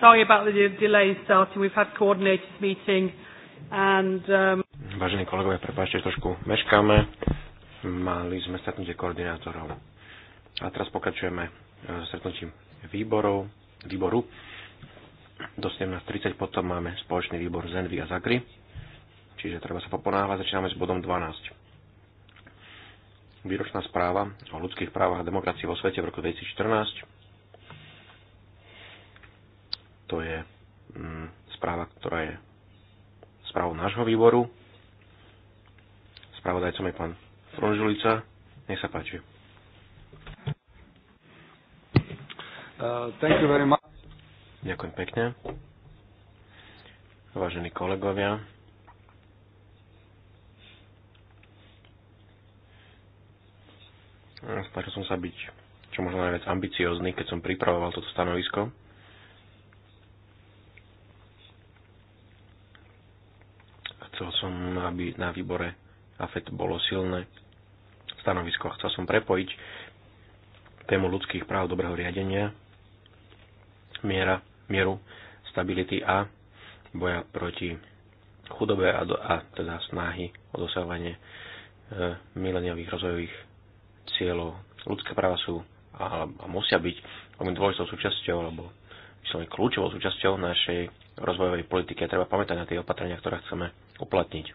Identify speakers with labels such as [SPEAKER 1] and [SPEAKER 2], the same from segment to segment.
[SPEAKER 1] Sorry about the delay starting. We've had coordinated meeting and... Um...
[SPEAKER 2] Vážení kolegovia, prepáčte, trošku meškáme. Mali sme stretnutie koordinátorov. A teraz pokračujeme e, stretnutím výborov, výboru. Do 17.30 potom máme spoločný výbor Zenvy a Zagry. Čiže treba sa poponáhľať. Začíname s bodom 12. Výročná správa o ľudských právach a demokracii vo svete v roku 2014 to je mm, správa, ktorá je správou nášho výboru. Spravodajcom je pán Fronžulica. Nech sa páči.
[SPEAKER 3] Uh, thank you very much.
[SPEAKER 2] Ďakujem pekne. Vážení kolegovia, snažil som sa byť čo možno najviac ambiciózny, keď som pripravoval toto stanovisko. Chcel som, aby na výbore AFET bolo silné stanovisko. Chcel som prepojiť tému ľudských práv dobrého riadenia, miera, mieru, stability a boja proti chudobe a, do, a teda snahy o dosávanie e, mileniových rozvojových cieľov. Ľudské práva sú a, a musia byť veľmi dôležitou súčasťou alebo kľúčovou súčasťou našej rozvojovej politiky. A treba pamätať na tie opatrenia, ktoré chceme uplatniť.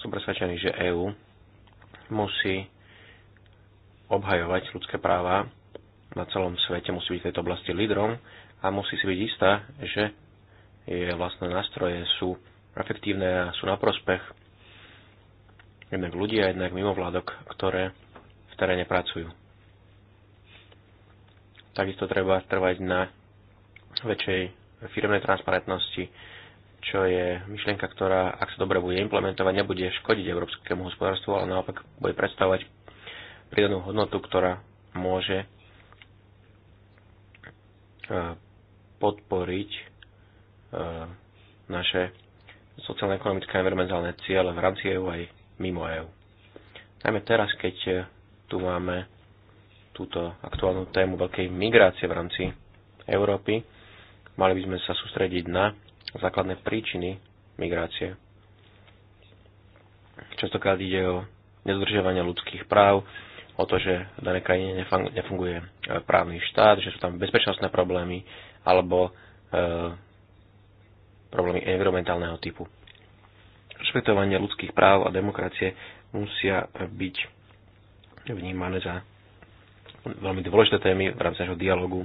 [SPEAKER 2] Som presvedčený, že EÚ musí obhajovať ľudské práva na celom svete, musí byť v tejto oblasti lídrom a musí si byť istá, že jej vlastné nástroje sú efektívne a sú na prospech jednak ľudí a jednak mimovládok, ktoré v teréne pracujú. Takisto treba trvať na väčšej firmnej transparentnosti, čo je myšlienka, ktorá, ak sa dobre bude implementovať, nebude škodiť európskemu hospodárstvu, ale naopak bude predstavovať prírodnú hodnotu, ktorá môže e, podporiť e, naše sociálne-ekonomické a environmentálne ciele v rámci EU aj mimo EU. Najmä teraz, keď e, tu máme túto aktuálnu tému veľkej migrácie v rámci Európy, mali by sme sa sústrediť na základné príčiny migrácie. Častokrát ide o nedodržiavanie ľudských práv, o to, že v danej krajine nefunguje e, právny štát, že sú tam bezpečnostné problémy alebo e, problémy environmentálneho typu. Rešpektovanie ľudských práv a demokracie musia byť vnímané za veľmi dôležité témy v rámci našho dialogu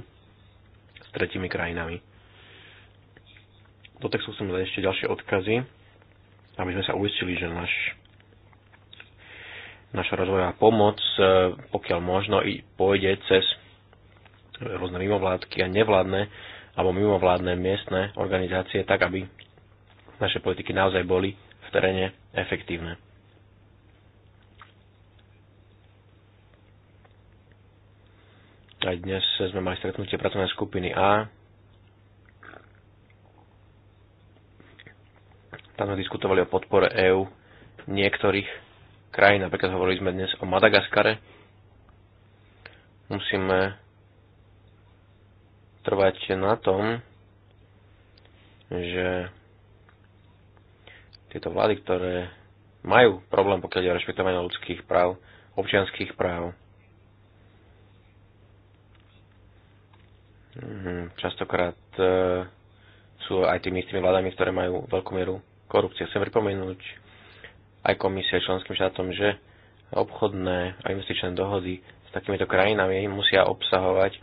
[SPEAKER 2] s tretimi krajinami. Do textu chcem dať ešte ďalšie odkazy, aby sme sa uistili, že naš, naša rozvojová pomoc, e, pokiaľ možno, i pôjde cez rôzne mimovládky a nevládne alebo mimovládne miestne organizácie, tak aby naše politiky naozaj boli v teréne efektívne. Aj dnes sme mali stretnutie pracovnej skupiny A Tam sme diskutovali o podpore EÚ niektorých krajín, napríklad hovorili sme dnes o Madagaskare, musíme trvať na tom, že tieto vlády, ktoré majú problém, pokiaľ je o rešpektovanie ľudských práv, občianských práv, mhm, častokrát eh, sú aj tými istými vládami, ktoré majú veľkú mieru korupcia Chcem pripomenúť aj komisie členským štátom, že obchodné a investičné dohody s takýmito krajinami musia obsahovať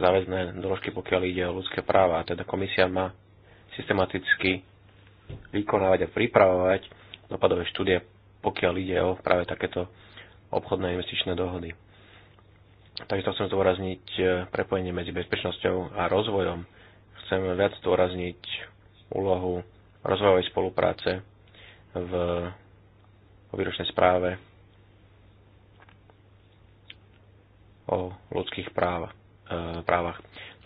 [SPEAKER 2] záväzné doložky, pokiaľ ide o ľudské práva. A teda komisia má systematicky vykonávať a pripravovať dopadové štúdie, pokiaľ ide o práve takéto obchodné investičné dohody. Takisto chcem zdôrazniť e, prepojenie medzi bezpečnosťou a rozvojom. Chcem viac zdôrazniť úlohu rozvojovej spolupráce v výročnej správe o ľudských práv, e, právach.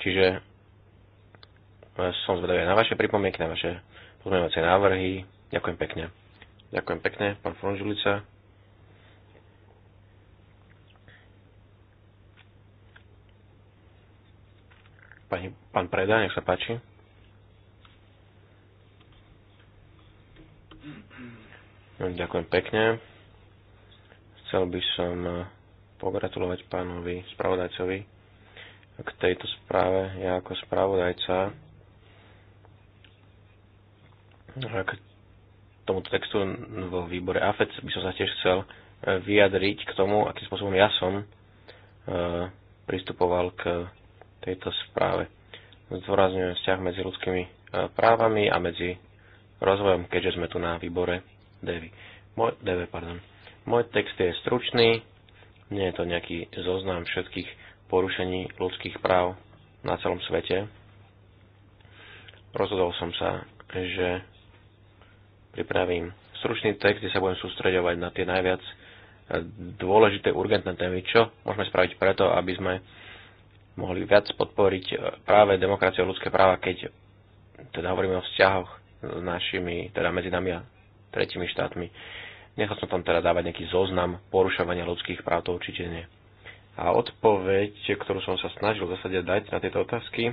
[SPEAKER 2] Čiže e, som zvedavý na vaše pripomienky, na vaše pozmeňovacie návrhy. Ďakujem pekne. Ďakujem pekne, pán Fronžulica. Pani, pán Preda, nech sa páči. Ďakujem pekne. Chcel by som eh, pogratulovať pánovi spravodajcovi k tejto správe. Ja ako spravodajca eh, k tomuto textu vo výbore AFEC by som sa tiež chcel eh, vyjadriť k tomu, akým spôsobom ja som pristupoval k tejto správe. Zdôrazňujem vzťah medzi ľudskými právami a medzi rozvojom, keďže sme tu na výbore Devi. Moj, Deve, pardon. Môj text je stručný, nie je to nejaký zoznam všetkých porušení ľudských práv na celom svete. Rozhodol som sa, že pripravím stručný text, kde sa budem sústreďovať na tie najviac eh, dôležité, urgentné témy, čo môžeme spraviť preto, aby sme mohli viac podporiť eh, práve demokraciu a ľudské práva, keď teda hovoríme o vzťahoch s našimi, teda medzi nami a tretimi štátmi. Nechal som tam teda dávať nejaký zoznam porušovania ľudských práv to určite nie. A odpoveď, ktorú som sa snažil v zásade dať na tieto otázky,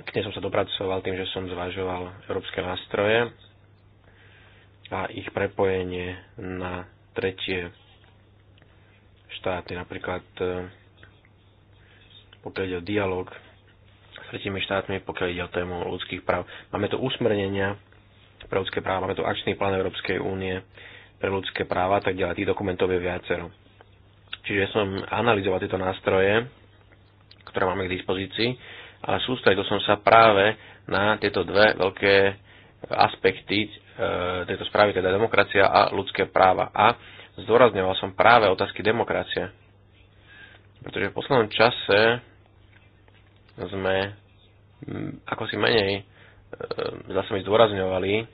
[SPEAKER 2] k nej som sa dopracoval tým, že som zvažoval európske nástroje a ich prepojenie na tretie štáty, napríklad eh, pokiaľ ide o dialog tretími štátmi, pokiaľ ide o tému ľudských práv. Máme tu usmernenia pre ľudské práva, máme tu akčný plán Európskej únie pre ľudské práva a tak ďalej. Tých dokumentov je viacero. Čiže som analyzoval tieto nástroje, ktoré máme k dispozícii, ale sústredil som sa práve na tieto dve veľké aspekty e, tejto správy, teda demokracia a ľudské práva. A zdôrazňoval som práve otázky demokracie. Pretože v poslednom čase sme ako si menej e, zase mi zdôrazňovali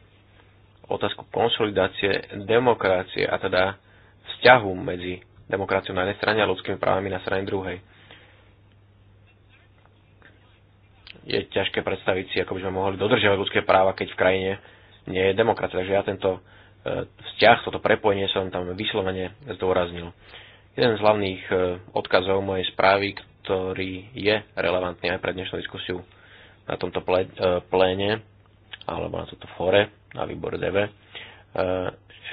[SPEAKER 2] otázku konsolidácie demokracie a teda vzťahu medzi demokraciou na jednej strane a ľudskými právami na strane druhej. Je ťažké predstaviť si, ako by sme mohli dodržiavať ľudské práva, keď v krajine nie je demokracia. Takže ja tento e, vzťah, toto prepojenie som tam vyslovene zdôraznil. Jeden z hlavných e, odkazov mojej správy, ktorý je relevantný aj pre dnešnú diskusiu na tomto e, pléne alebo na tomto fóre na výbore DV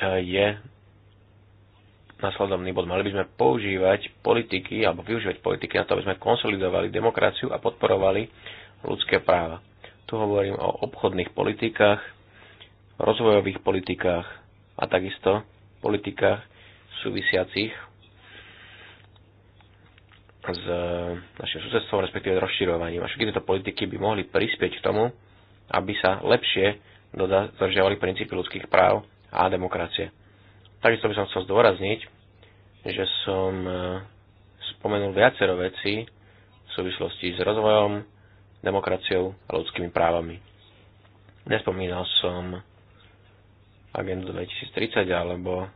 [SPEAKER 2] je nasledovný bod. Mali by sme používať politiky alebo využívať politiky na to, aby sme konsolidovali demokraciu a podporovali ľudské práva. Tu hovorím o obchodných politikách, rozvojových politikách a takisto politikách súvisiacich s našim susedstvom, respektíve rozširovaním. A všetky tieto politiky by mohli prispieť k tomu, aby sa lepšie dodržiavali princípy ľudských práv a demokracie. Takisto by som chcel zdôrazniť, že som e, spomenul viacero vecí v súvislosti s rozvojom, demokraciou a ľudskými právami. Nespomínal som agendu 2030 alebo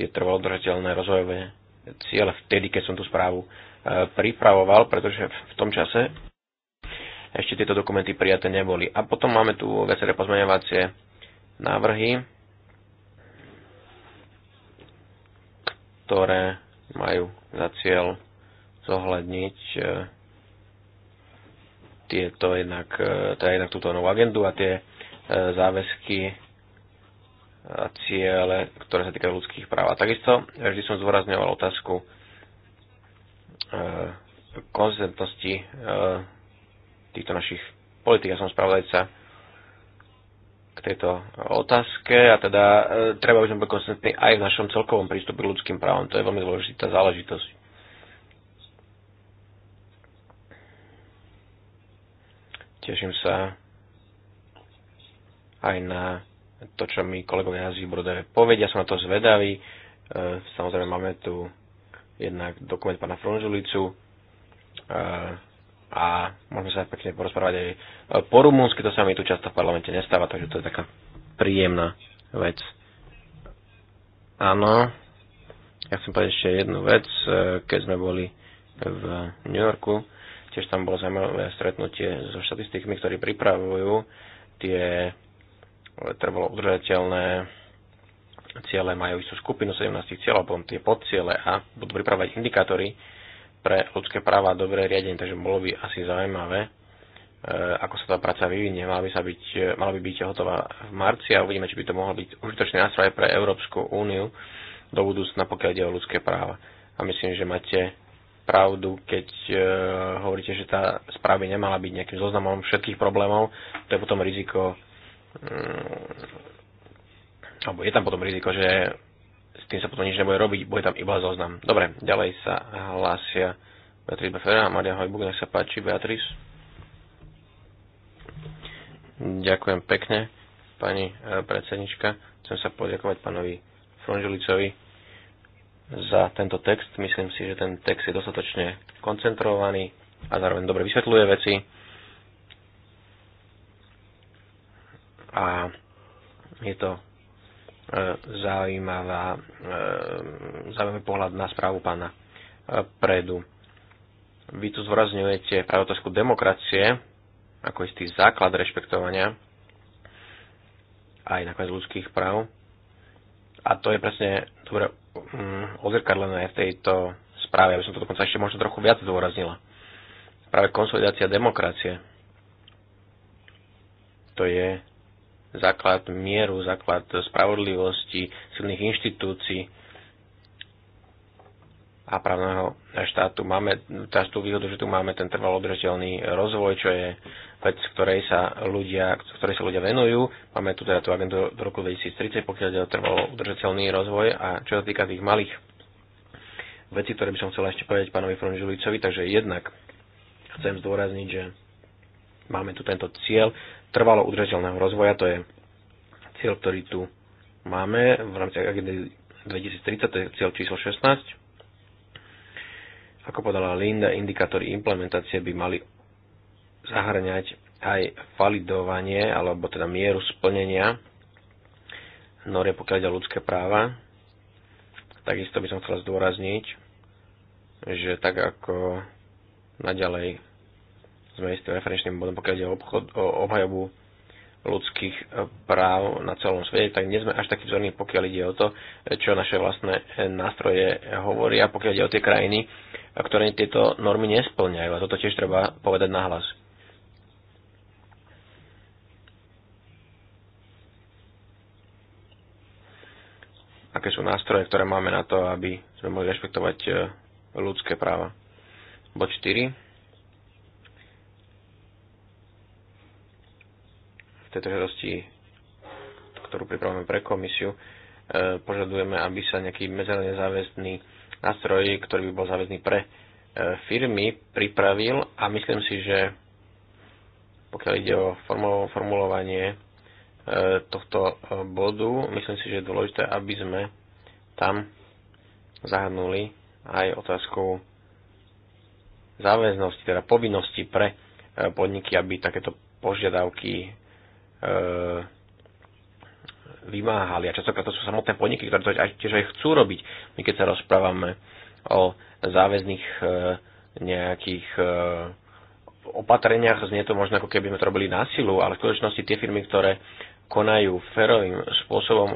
[SPEAKER 2] tie trvalodržateľné rozvojové cieľ vtedy, keď som tú správu e, pripravoval, pretože v tom čase ešte tieto dokumenty prijaté neboli. A potom máme tu viaceré pozmeňovacie návrhy, ktoré majú za cieľ zohľadniť e, tieto jednak, e, teda jednak túto novú agendu a tie záväzky ciele, ktoré sa týkajú ľudských práv. A takisto vždy som zdôrazňoval otázku e, konzistentnosti e, týchto našich politik. Ja som spravodajca k tejto otázke a teda e, treba by sme boli konzistentní aj v našom celkovom prístupu k ľudským právom. To je veľmi dôležitá záležitosť. Teším sa aj na to, čo mi kolegovia na výboru povedia, som na to zvedavý. E, samozrejme máme tu jednak dokument pána Fronžulicu e, a môžeme sa pekne porozprávať aj po rumúnsky, to sa mi tu často v parlamente nestáva, takže to je taká príjemná vec. Áno, ja chcem povedať ešte jednu vec, e, keď sme boli v New Yorku, tiež tam bolo zaujímavé stretnutie so štatistikmi, ktorí pripravujú tie trvalo udržateľné ciele majú istú skupinu 17 cieľov, potom tie podciele a budú pripravať indikátory pre ľudské práva a dobré riadenie, takže bolo by asi zaujímavé, e, ako sa tá práca vyvinie. Mala by, sa byť, e, mala by byť hotová v marci a uvidíme, či by to mohol byť užitočný nástroj pre Európsku úniu do budúcna, pokiaľ ide o ľudské práva. A myslím, že máte pravdu, keď e, hovoríte, že tá správa nemala byť nejakým zoznamom všetkých problémov, to je potom riziko Mm. alebo je tam potom riziko, že s tým sa potom nič nebude robiť, bude tam iba zoznam. Dobre, ďalej sa hlásia Beatrice Befera a Maria Hojbuk, nech sa páči, Beatrice. Ďakujem pekne, pani e, predsednička. Chcem sa poďakovať pánovi Fronžulicovi za tento text. Myslím si, že ten text je dostatočne koncentrovaný a zároveň dobre vysvetľuje veci a je to e, zaujímavá, e, zaujímavý pohľad na správu pána e, Predu. Vy tu zvorazňujete práve otázku demokracie ako istý základ rešpektovania aj nakoniec ľudských práv. A to je presne dobre mm, odzrkadlené v tejto správe, aby som to dokonca ešte možno trochu viac zdôraznila. Práve konsolidácia demokracie. To je základ mieru, základ spravodlivosti, silných inštitúcií a právneho štátu. Máme tá tú výhodu, že tu máme ten trvalo udržateľný rozvoj, čo je vec, ktorej sa ľudia, ktorej sa ľudia venujú. Máme tu teda tú agendu do roku 2030, pokiaľ ide o trvalo udržateľný rozvoj a čo sa týka tých malých vecí, ktoré by som chcel ešte povedať pánovi Fronžulicovi, takže jednak chcem zdôrazniť, že máme tu tento cieľ trvalo udržateľného rozvoja, to je cieľ, ktorý tu máme v rámci agendy 2030, to je cieľ číslo 16. Ako podala Linda, indikátory implementácie by mali zahrňať aj validovanie, alebo teda mieru splnenia norie pokiaľ ide ľudské práva. Takisto by som chcel zdôrazniť, že tak ako naďalej sme istým referenčným bodom, pokiaľ ide o, obchod, o obhajobu ľudských e, práv na celom svete, tak nie sme až takí vzorní, pokiaľ ide o to, e, čo naše vlastné e, nástroje hovoria, pokiaľ ide o tie krajiny, ktoré tieto normy nesplňajú. A toto tiež treba povedať nahlas. Aké sú nástroje, ktoré máme na to, aby sme mohli rešpektovať ľudské práva? Bod 4 tejto žiadosti, ktorú pripravujeme pre komisiu, e, požadujeme, aby sa nejaký medzerne záväzný nástroj, ktorý by bol záväzný pre e, firmy, pripravil a myslím si, že pokiaľ ide o formulovanie e, tohto bodu, myslím si, že je dôležité, aby sme tam zahrnuli aj otázku záväznosti, teda povinnosti pre podniky, aby takéto požiadavky E, vymáhali. A častokrát to sú samotné podniky, ktoré to aj, tiež aj chcú robiť. My keď sa rozprávame o záväzných e, nejakých e, opatreniach, znie to možno ako keby sme to robili na silu, ale v skutočnosti tie firmy, ktoré konajú férovým spôsobom,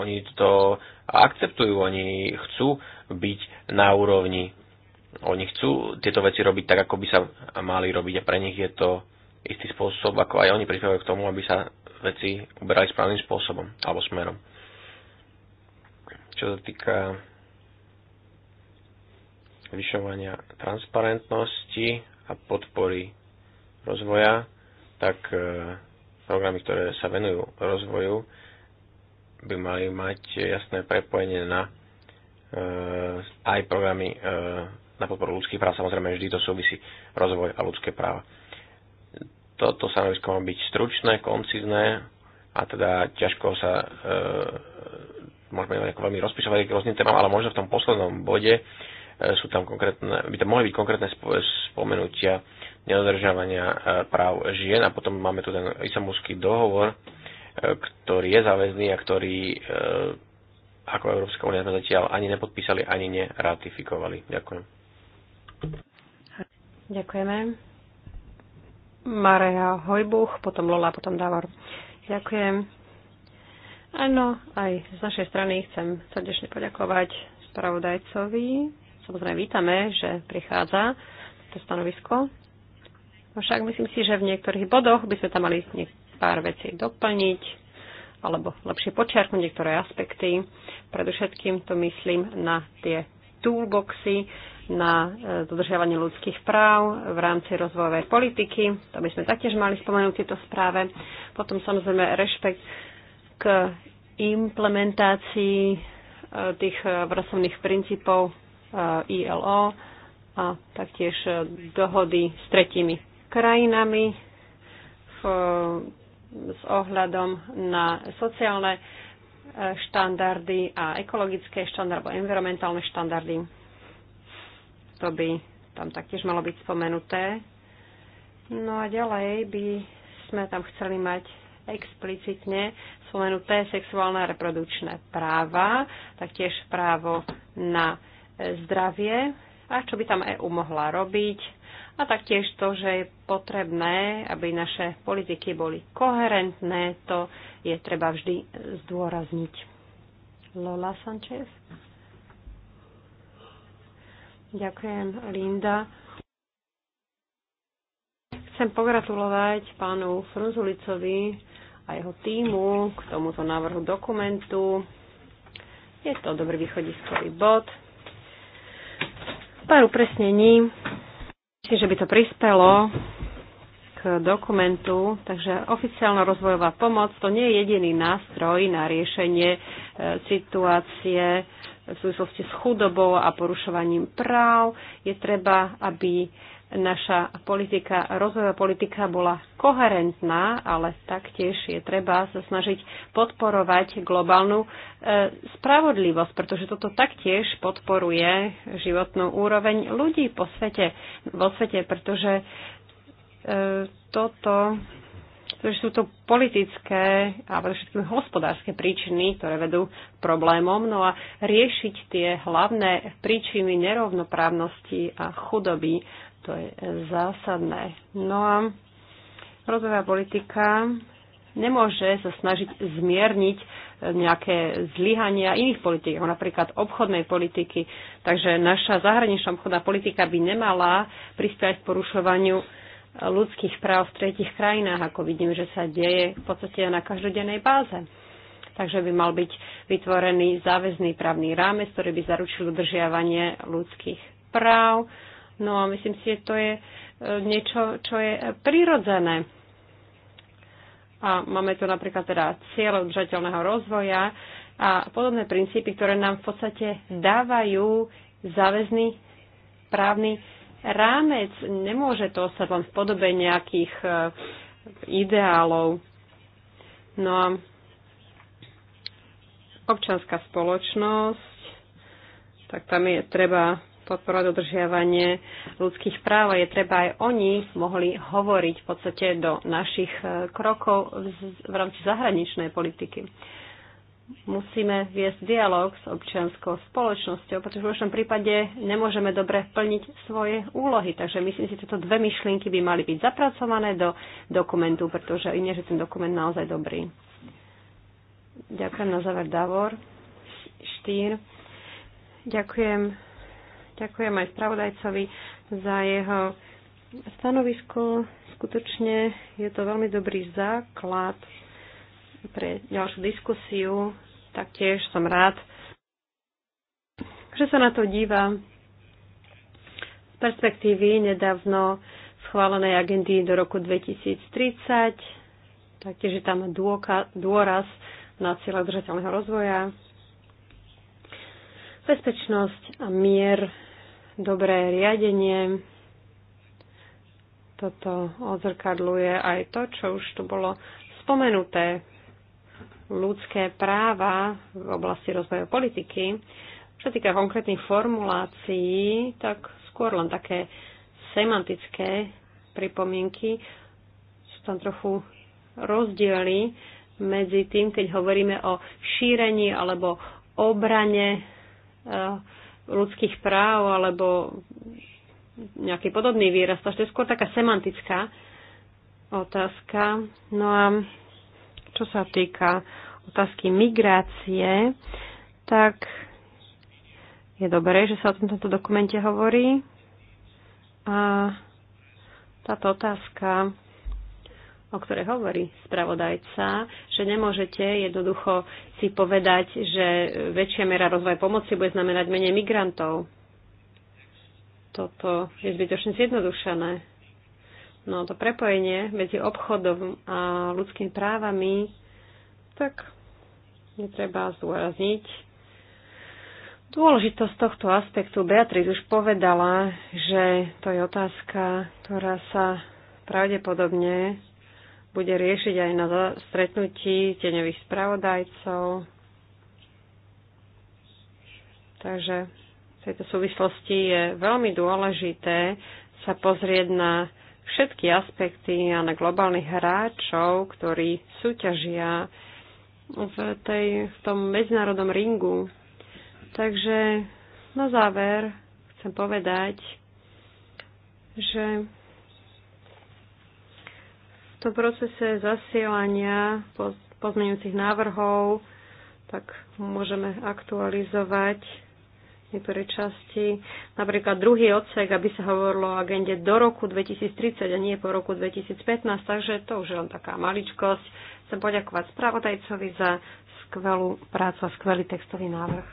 [SPEAKER 2] oni to akceptujú, oni chcú byť na úrovni. Oni chcú tieto veci robiť tak, ako by sa mali robiť a pre nich je to istý spôsob, ako aj oni prispievajú k tomu, aby sa veci uberali správnym spôsobom alebo smerom. Čo sa týka zvyšovania transparentnosti a podpory rozvoja, tak e, programy, ktoré sa venujú rozvoju, by mali mať jasné prepojenie na e, aj programy e, na podporu ľudských práv. Samozrejme, vždy to súvisí rozvoj a ľudské práva. Toto stanovisko má byť stručné, koncizné a teda ťažko sa e, môžeme nejako veľmi rozpíšovať k rôznym témam, ale možno v tom poslednom bode e, sú tam konkrétne, by tam mohli byť konkrétne spomenutia nedodržiavania e, práv žien a potom máme tu ten istambulský dohovor, e, ktorý je záväzný a ktorý e, ako Európska únia sme zatiaľ ani nepodpísali, ani neratifikovali. Ďakujem.
[SPEAKER 1] Ďakujeme. Mareja Hojbuch, potom Lola, potom Davor. Ďakujem. Áno, aj z našej strany chcem srdečne poďakovať spravodajcovi. Samozrejme, vítame, že prichádza to stanovisko. Však myslím si, že v niektorých bodoch by sme tam mali pár vecí doplniť alebo lepšie počiarknúť niektoré aspekty. Predovšetkým to myslím na tie toolboxy na e, dodržiavanie ľudských práv v rámci rozvojovej politiky. To by sme taktiež mali spomenúť v tejto správe. Potom samozrejme rešpekt k implementácii e, tých pracovných e, princípov ILO a taktiež dohody s tretími krajinami v, s ohľadom na sociálne štandardy a ekologické štandardy alebo environmentálne štandardy. To by tam taktiež malo byť spomenuté. No a ďalej by sme tam chceli mať explicitne spomenuté sexuálne a reprodukčné práva, taktiež právo na zdravie a čo by tam EU mohla robiť a taktiež to, že je potrebné, aby naše politiky boli koherentné, to je treba vždy zdôrazniť. Lola Sanchez. Ďakujem, Linda. Chcem pogratulovať pánu Frunzulicovi a jeho týmu k tomuto návrhu dokumentu. Je to dobrý východiskový bod pár upresnení. Myslím, že by to prispelo k dokumentu. Takže oficiálna rozvojová pomoc to nie je jediný nástroj na riešenie e, situácie v súvislosti s chudobou a porušovaním práv. Je treba, aby naša politika, rozvojová politika bola koherentná, ale taktiež je treba sa snažiť podporovať globálnu e, spravodlivosť, pretože toto taktiež podporuje životnú úroveň ľudí po svete, vo svete, pretože e, toto pretože sú to politické a všetkým hospodárske príčiny, ktoré vedú k problémom. No a riešiť tie hlavné príčiny nerovnoprávnosti a chudoby to je zásadné. No a rodová politika nemôže sa snažiť zmierniť e, nejaké zlyhania iných politik, ako napríklad obchodnej politiky. Takže naša zahraničná obchodná politika by nemala prispiať k porušovaniu ľudských práv v tretich krajinách, ako vidím, že sa deje v podstate na každodennej báze. Takže by mal byť vytvorený záväzný právny rámec, ktorý by zaručil udržiavanie ľudských práv No a myslím si, že to je e, niečo, čo je prirodzené. A máme tu napríklad teda cieľ udržateľného rozvoja a podobné princípy, ktoré nám v podstate dávajú záväzný právny rámec. Nemôže to ostať len v podobe nejakých e, ideálov. No a občanská spoločnosť, tak tam je treba podporovať dodržiavanie ľudských práv a je treba aj oni mohli hovoriť v podstate do našich e, krokov v rámci zahraničnej politiky. Musíme viesť dialog s občianskou spoločnosťou, pretože v našom prípade nemôžeme dobre plniť svoje úlohy. Takže myslím si, že tieto dve myšlienky by mali byť zapracované do dokumentu, pretože iné, že ten dokument naozaj dobrý. Ďakujem na záver Davor. Štýr. Ďakujem Ďakujem aj spravodajcovi za jeho stanovisko. Skutočne je to veľmi dobrý základ pre ďalšiu diskusiu. Taktiež som rád, že sa na to díva z perspektívy nedávno schválenej agendy do roku 2030. Taktiež je tam dôraz na cieľa držateľného rozvoja. Bezpečnosť a mier dobré riadenie. Toto odzrkadluje aj to, čo už tu bolo spomenuté. Ľudské práva v oblasti rozvoja politiky. Čo týka konkrétnych formulácií, tak skôr len také semantické pripomienky. Sú tam trochu rozdiely medzi tým, keď hovoríme o šírení alebo obrane eh, ľudských práv alebo nejaký podobný výraz. Takže to je skôr taká semantická otázka. No a čo sa týka otázky migrácie, tak je dobré, že sa o tomto dokumente hovorí. A táto otázka o ktorej hovorí spravodajca, že nemôžete jednoducho si povedať, že väčšia mera rozvoja pomoci bude znamenať menej migrantov. Toto je zbytočne zjednodušené. No to prepojenie medzi obchodom a ľudskými právami, tak netreba zdôrazniť. Dôležitosť tohto aspektu Beatriz už povedala, že to je otázka, ktorá sa pravdepodobne bude riešiť aj na stretnutí teňových spravodajcov. Takže v tejto súvislosti je veľmi dôležité sa pozrieť na všetky aspekty a na globálnych hráčov, ktorí súťažia v, tej, v tom medzinárodnom ringu. Takže na záver chcem povedať, že tomto procese zasielania pozmeňujúcich návrhov tak môžeme aktualizovať niektoré časti. Napríklad druhý odsek, aby sa hovorilo o agende do roku 2030 a nie po roku 2015, takže to už je len taká maličkosť. Chcem poďakovať spravodajcovi za skvelú prácu a skvelý textový návrh.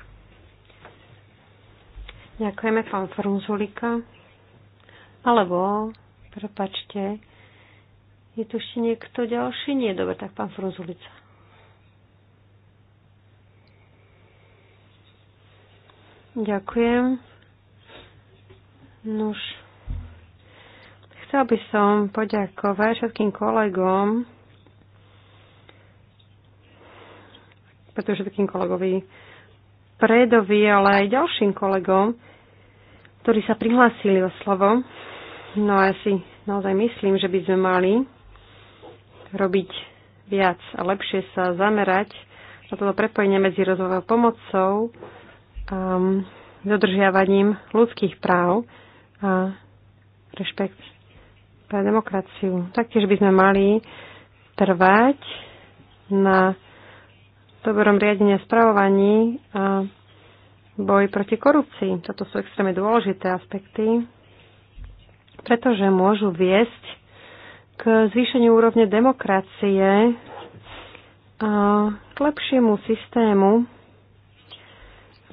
[SPEAKER 1] Ďakujeme pán Frunzulika. Alebo, prepačte, je tu ešte niekto ďalší? Nie, dobre, tak pán Frunzulica. Ďakujem. Nuž. Chcel by som poďakovať všetkým kolegom, pretože všetkým kolegovi Predovi, ale aj ďalším kolegom, ktorí sa prihlásili o slovo. No a ja si naozaj myslím, že by sme mali robiť viac a lepšie sa zamerať na toto prepojenie medzi rozvojovou pomocou a um, dodržiavaním ľudských práv a rešpekt pre demokraciu. Taktiež by sme mali trvať na dobrom riadení a spravovaní a boj proti korupcii. Toto sú extrémne dôležité aspekty, pretože môžu viesť k zvýšeniu úrovne demokracie a k lepšiemu systému,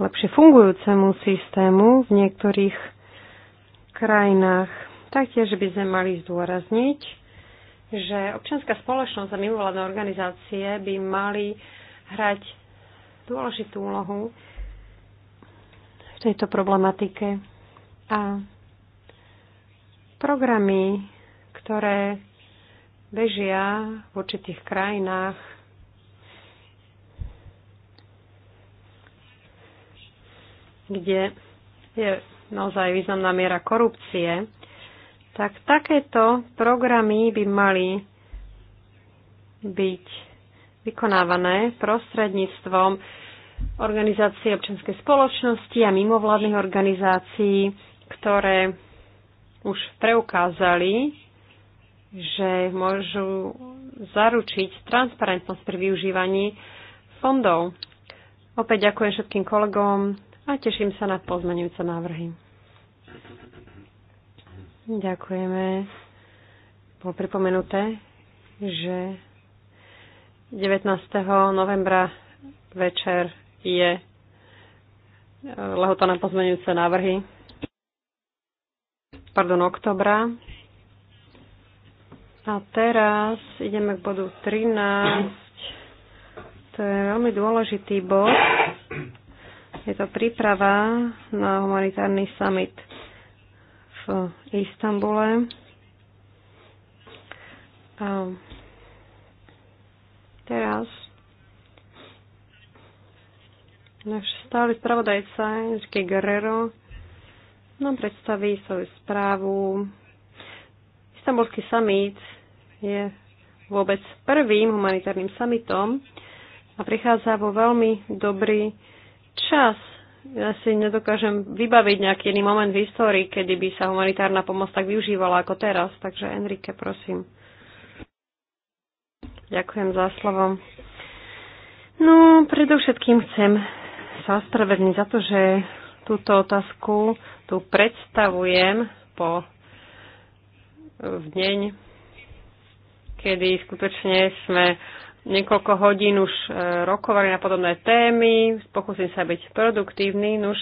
[SPEAKER 1] lepšie fungujúcemu systému v niektorých krajinách. Taktiež by sme mali zdôrazniť, že občianská spoločnosť a mimovládne organizácie by mali hrať dôležitú úlohu v tejto problematike. A programy, ktoré bežia v určitých krajinách. kde je naozaj významná miera korupcie, tak takéto programy by mali byť vykonávané prostredníctvom organizácie občianskej spoločnosti a mimovládnych organizácií, ktoré už preukázali že môžu zaručiť transparentnosť pri využívaní fondov. Opäť ďakujem všetkým kolegom a teším sa na pozmenujúce návrhy. Ďakujeme. Bolo pripomenuté, že 19. novembra večer je e, lehota na pozmenujúce návrhy. Pardon, oktobra a teraz ideme k bodu 13. To je veľmi dôležitý bod. Je to príprava na humanitárny summit v Istambule. A teraz náš stály spravodajca Enrique Guerrero nám predstaví svoju správu. Istanbulský summit je vôbec prvým humanitárnym summitom a prichádza vo veľmi dobrý čas. Ja si nedokážem vybaviť nejaký iný moment v histórii, kedy by sa humanitárna pomoc tak využívala ako teraz. Takže Enrique, prosím. Ďakujem za slovo. No, predovšetkým chcem sa ospravedlniť za to, že túto otázku tu predstavujem po v deň kedy skutočne sme niekoľko hodín už e, rokovali na podobné témy, pokúsim sa byť produktívny, už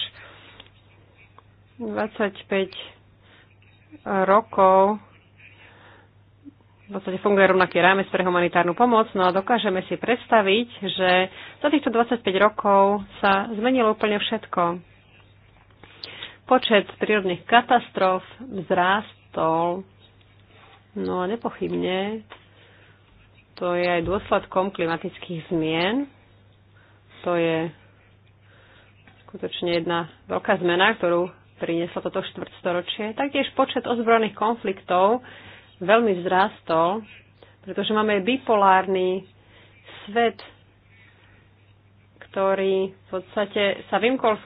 [SPEAKER 1] 25 rokov v podstate funguje rovnaký rámec pre humanitárnu pomoc, no a dokážeme si predstaviť, že za týchto 25 rokov sa zmenilo úplne všetko. Počet prírodných katastrof vzrástol, no a nepochybne to je aj dôsledkom klimatických zmien. To je skutočne jedna veľká zmena, ktorú prinieslo toto štvrtstoročie. Taktiež počet ozbrojených konfliktov veľmi vzrastol, pretože máme bipolárny svet, ktorý v podstate sa vymkol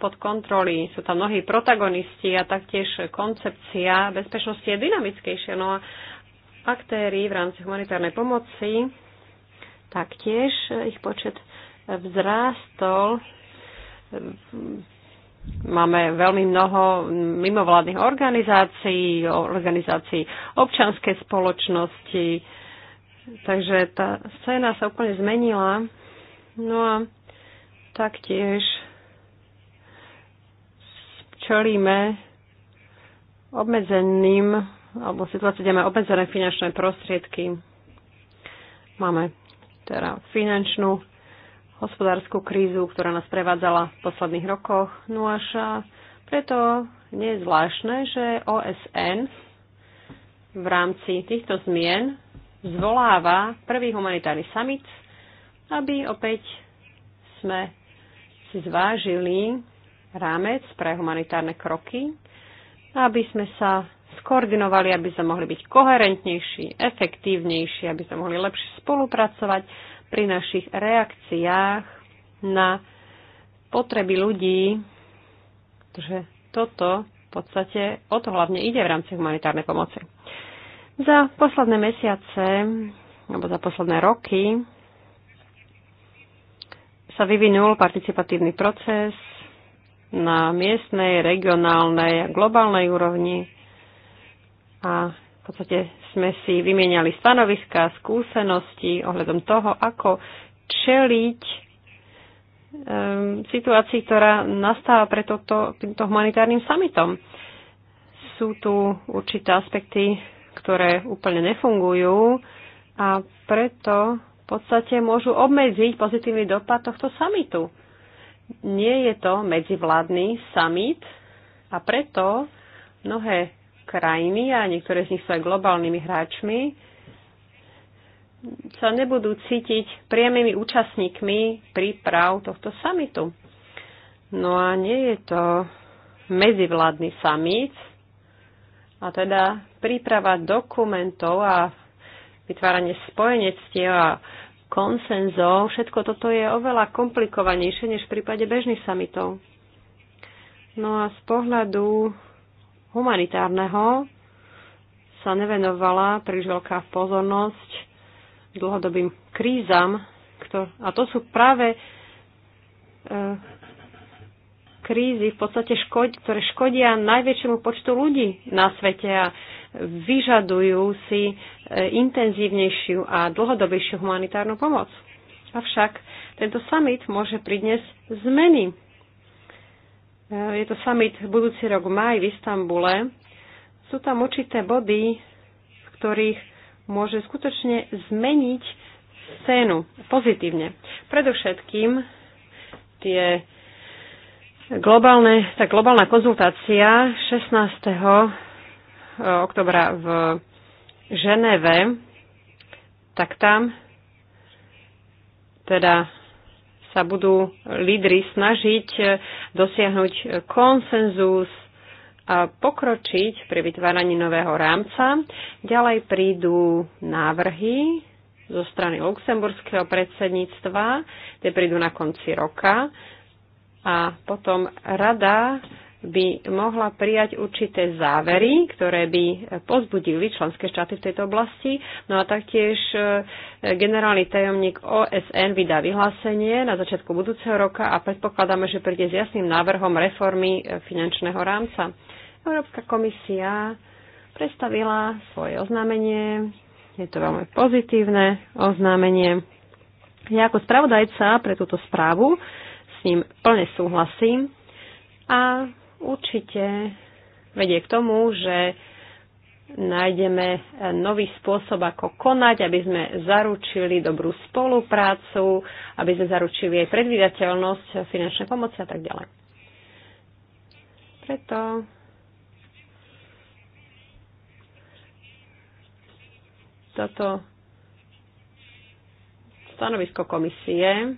[SPEAKER 1] spod kontroly. Sú tam mnohí protagonisti a taktiež koncepcia bezpečnosti je dynamickejšia. No a aktéry v rámci humanitárnej pomoci, taktiež ich počet vzrástol. Máme veľmi mnoho mimovládnych organizácií, organizácií občanskej spoločnosti, takže tá scéna sa úplne zmenila. No a taktiež čelíme obmedzeným alebo situáciu, kde máme obmedzené finančné prostriedky. Máme teda finančnú hospodárskú krízu, ktorá nás prevádzala v posledných rokoch. No až preto nie je zvláštne, že OSN v rámci týchto zmien zvoláva prvý humanitárny summit, aby opäť sme si zvážili rámec pre humanitárne kroky, aby sme sa skoordinovali, aby sme mohli byť koherentnejší, efektívnejší, aby sme mohli lepšie spolupracovať pri našich reakciách na potreby ľudí, že toto v podstate o to hlavne ide v rámci humanitárnej pomoci. Za posledné mesiace, alebo za posledné roky, sa vyvinul participatívny proces na miestnej, regionálnej a globálnej úrovni a v podstate sme si vymieniali stanoviská, skúsenosti ohľadom toho, ako čeliť um, situácii, ktorá nastáva pre toto, týmto humanitárnym summitom. Sú tu určité aspekty, ktoré úplne nefungujú a preto v podstate môžu obmedziť pozitívny dopad tohto summitu. Nie je to medzivládny summit a preto mnohé krajiny a niektoré z nich sú aj globálnymi hráčmi, sa nebudú cítiť priamými účastníkmi príprav tohto samitu. No a nie je to medzivládny summit, a teda príprava dokumentov a vytváranie spojenectiev a konsenzov, všetko toto je oveľa komplikovanejšie než v prípade bežných samitov. No a z pohľadu humanitárneho sa nevenovala príliš veľká pozornosť dlhodobým krízam. A to sú práve e, krízy v podstate, ktoré škodia najväčšiemu počtu ľudí na svete a vyžadujú si e, intenzívnejšiu a dlhodobejšiu humanitárnu pomoc. Avšak tento summit môže priniesť zmeny Eh, je to summit budúci rok v maj v Istambule. Sú tam určité body, v ktorých môže skutočne zmeniť scénu pozitívne. Predovšetkým tie globálne, tá globálna konzultácia 16. Eh, oktobra v Ženeve, tak tam teda sa budú lídry snažiť eh, dosiahnuť e, konsenzus a pokročiť pri vytváraní nového rámca. Ďalej prídu návrhy zo strany luxemburského predsedníctva, tie prídu na konci roka a potom rada by mohla prijať určité závery, ktoré by pozbudili členské štáty v tejto oblasti. No a taktiež eh, generálny tajomník OSN vydá vyhlásenie na začiatku budúceho roka a predpokladáme, že príde s jasným návrhom reformy eh, finančného rámca. Európska komisia predstavila svoje oznámenie. Je to veľmi pozitívne oznámenie. Ja ako spravodajca pre túto správu s ním plne súhlasím a určite vedie k tomu, že nájdeme nový spôsob, ako konať, aby sme zaručili dobrú spoluprácu, aby sme zaručili aj predvídateľnosť, finančnej pomoci a tak ďalej. Preto toto stanovisko komisie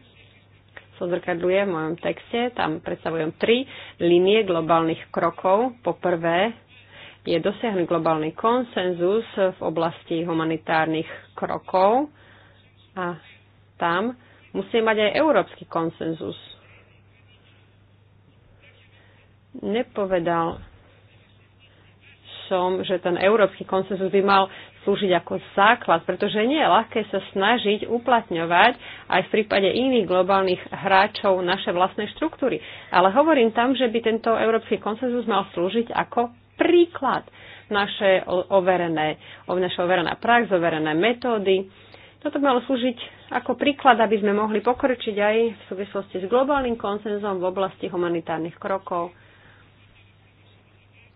[SPEAKER 1] sa zrkadluje v mojom texte. Tam predstavujem tri linie globálnych krokov. Po prvé je dosiahnuť globálny konsenzus v oblasti humanitárnych krokov a tam musí mať aj európsky konsenzus. Nepovedal som, že ten európsky konsenzus by mal slúžiť ako základ, pretože nie je ľahké sa snažiť uplatňovať aj v prípade iných globálnych hráčov naše vlastné štruktúry. Ale hovorím tam, že by tento európsky konsenzus mal slúžiť ako príklad naše overené, naše overená prax, overené metódy. Toto malo slúžiť ako príklad, aby sme mohli pokročiť aj v súvislosti s globálnym konsenzom v oblasti humanitárnych krokov,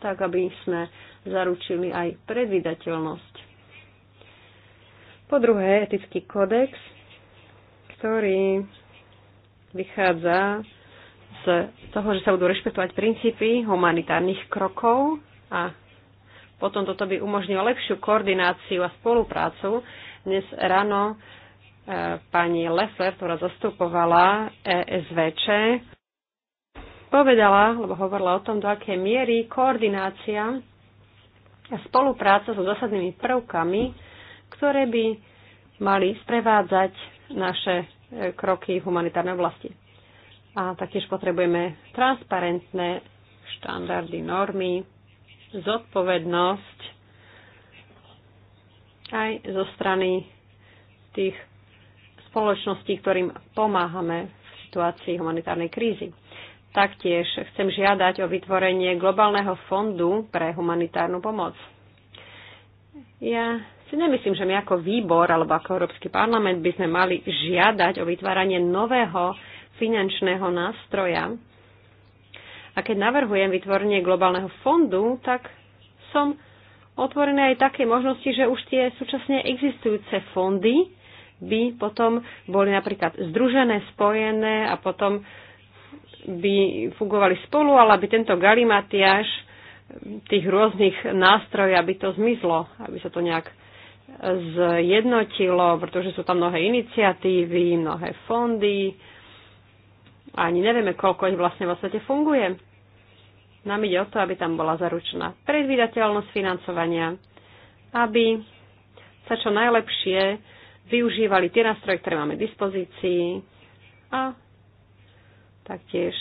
[SPEAKER 1] tak aby sme zaručili aj predvydateľnosť. Po druhé, etický kodex, ktorý vychádza z toho, že sa budú rešpektovať princípy humanitárnych krokov a potom toto by umožnilo lepšiu koordináciu a spoluprácu. Dnes ráno e, pani Leffler, ktorá zastupovala ESVČ, povedala, lebo hovorila o tom, do akej miery koordinácia a spolupráca so zásadnými prvkami ktoré by mali sprevádzať naše e, kroky v humanitárnej oblasti. A taktiež potrebujeme transparentné štandardy, normy, zodpovednosť aj zo strany tých spoločností, ktorým pomáhame v situácii humanitárnej krízy. Taktiež chcem žiadať o vytvorenie globálneho fondu pre humanitárnu pomoc. Ja si nemyslím, že my ako výbor alebo ako Európsky parlament by sme mali žiadať o vytváranie nového finančného nástroja. A keď navrhujem vytvorenie globálneho fondu, tak som otvorené aj také možnosti, že už tie súčasne existujúce fondy by potom boli napríklad združené, spojené a potom by fungovali spolu, ale aby tento galimatiaž tých rôznych nástrojov, aby to zmizlo, aby sa to nejak zjednotilo, pretože sú tam mnohé iniciatívy, mnohé fondy. A ani nevieme, koľko ich vlastne vo svete funguje. Nám ide o to, aby tam bola zaručená predvídateľnosť financovania, aby sa čo najlepšie využívali tie nástroje, ktoré máme v dispozícii a taktiež,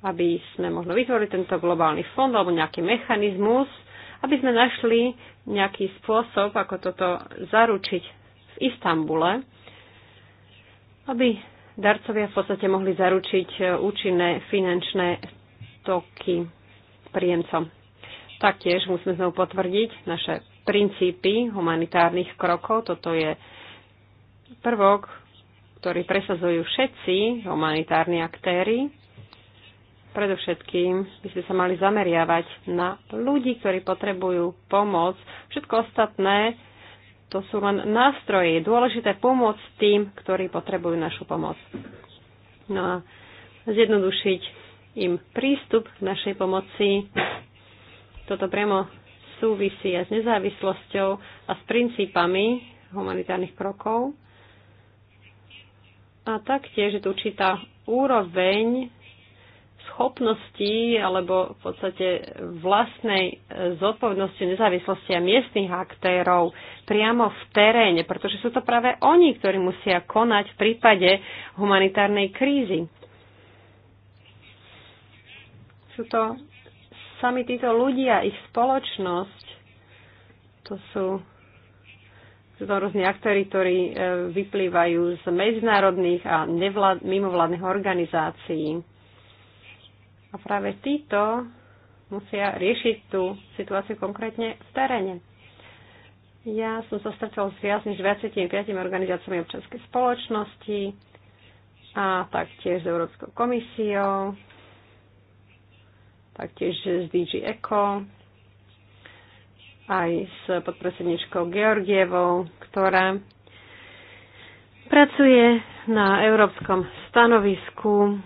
[SPEAKER 1] aby sme možno vytvorili tento globálny fond alebo nejaký mechanizmus, aby sme našli nejaký spôsob, ako toto zaručiť v Istambule, aby darcovia v podstate mohli zaručiť e, účinné finančné toky príjemcom. Taktiež musíme znovu potvrdiť naše princípy humanitárnych krokov. Toto je prvok, ktorý presazujú všetci humanitárni aktéry Predovšetkým by ste sa mali zameriavať na ľudí, ktorí potrebujú pomoc. Všetko ostatné to sú len nástroje. Je dôležité pomôcť tým, ktorí potrebujú našu pomoc. No a zjednodušiť im prístup k našej pomoci. Toto priamo súvisí aj s nezávislosťou a s princípami humanitárnych krokov. A taktiež je tu určitá úroveň schopnosti alebo v podstate vlastnej eh, zodpovednosti, nezávislosti a miestnych aktérov priamo v teréne, pretože sú to práve oni, ktorí musia konať v prípade humanitárnej krízy. Sú to sami títo ľudia, ich spoločnosť, to sú sú to rôzni aktéry, ktorí eh, vyplývajú z medzinárodných a nevlád, mimovládnych organizácií. A práve títo musia riešiť tú situáciu konkrétne v teréne. Ja som sa stretol s viac než 25 organizáciami občianskej spoločnosti a taktiež s Európskou komisiou, taktiež s DG ECO, aj s podpredsedničkou Georgievou, ktorá pracuje na európskom stanovisku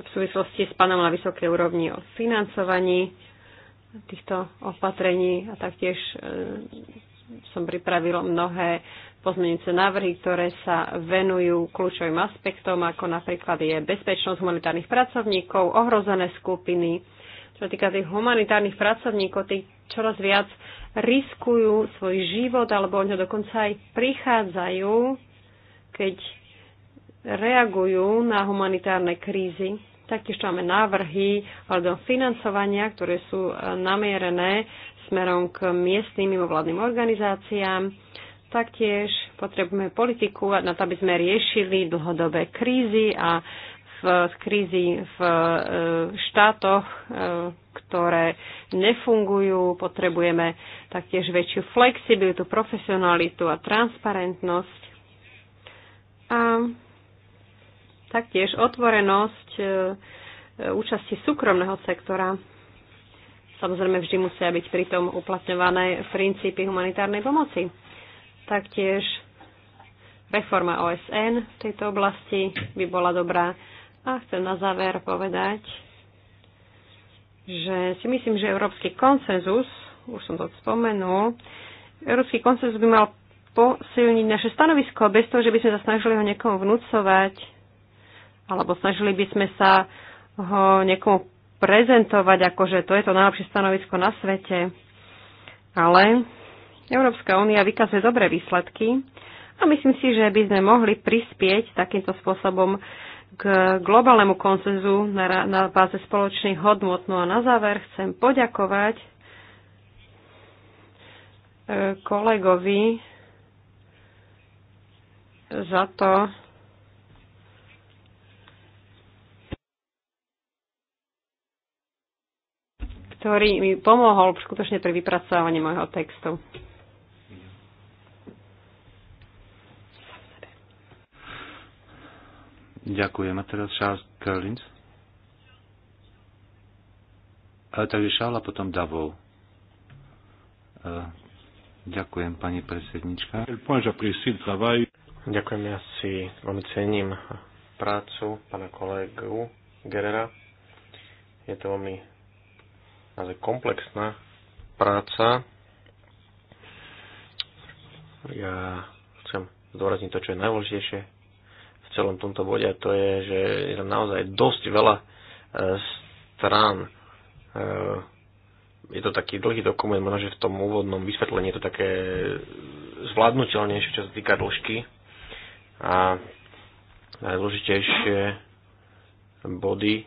[SPEAKER 1] v súvislosti s panom na vysokej úrovni o financovaní týchto opatrení a taktiež e, som pripravila mnohé pozmeňujúce návrhy, ktoré sa venujú kľúčovým aspektom, ako napríklad je bezpečnosť humanitárnych pracovníkov, ohrozené skupiny. Čo týka tých humanitárnych pracovníkov, tí čoraz viac riskujú svoj život, alebo o ňo dokonca aj prichádzajú, keď reagujú na humanitárne krízy. Taktiež máme návrhy hľadom financovania, ktoré sú e, namierené smerom k miestnym mimovládnym organizáciám. Taktiež potrebujeme politiku na to, aby sme riešili dlhodobé krízy a v krízy v e, štátoch, e, ktoré nefungujú. Potrebujeme taktiež väčšiu flexibilitu, profesionalitu a transparentnosť. A Taktiež otvorenosť e, e, účasti súkromného sektora. Samozrejme, vždy musia byť pritom uplatňované princípy humanitárnej pomoci. Taktiež reforma OSN v tejto oblasti by bola dobrá. A chcem na záver povedať, že si myslím, že európsky konsenzus, už som to spomenul, európsky konsenzus by mal posilniť naše stanovisko bez toho, že by sme sa snažili ho niekomu vnúcovať alebo snažili by sme sa ho niekomu prezentovať, ako že to je to najlepšie stanovisko na svete. Ale Európska únia vykazuje dobré výsledky a myslím si, že by sme mohli prispieť takýmto spôsobom k globálnemu koncezu na, na báze spoločných hodnot. No a na záver chcem poďakovať e, kolegovi za to, ktorý mi pomohol skutočne pri vypracovaní môjho textu.
[SPEAKER 3] Ďakujem. A teraz Charles Curlins. A, e, takže Šála potom Davov. E, ďakujem, pani predsednička.
[SPEAKER 2] Ďakujem, ja si
[SPEAKER 3] veľmi cením
[SPEAKER 2] prácu pana kolegu Gerera. Je to veľmi naozaj komplexná práca. Ja chcem zdôrazniť to, čo je najdôležitejšie v celom tomto bode a to je, že je tam naozaj dosť veľa e, strán. E, je to taký dlhý dokument, možno, že v tom úvodnom vysvetlení je to také zvládnutelnejšie, čo sa týka dĺžky. A najdôležitejšie body e,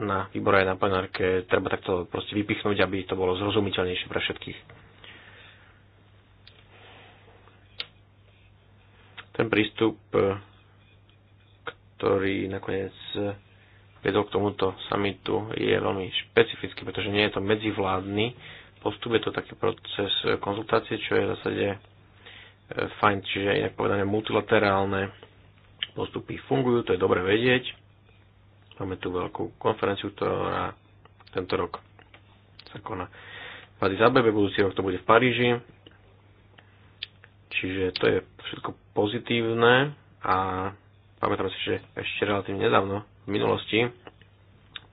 [SPEAKER 2] na výbore aj na plenárke treba takto proste vypichnúť, aby to bolo zrozumiteľnejšie pre všetkých. Ten prístup, ktorý nakoniec vedol k tomuto samitu, je veľmi špecifický, pretože nie je to medzivládny postup, je to taký proces konzultácie, čo je v zásade e, fajn, čiže inak povedané multilaterálne postupy fungujú, to je dobre vedieť Máme tu veľkú konferenciu, ktorá tento rok sa koná v Addis Abebe, budúci rok to bude v Paríži. Čiže to je všetko pozitívne a pamätám si, že ešte relatívne nedávno, v minulosti,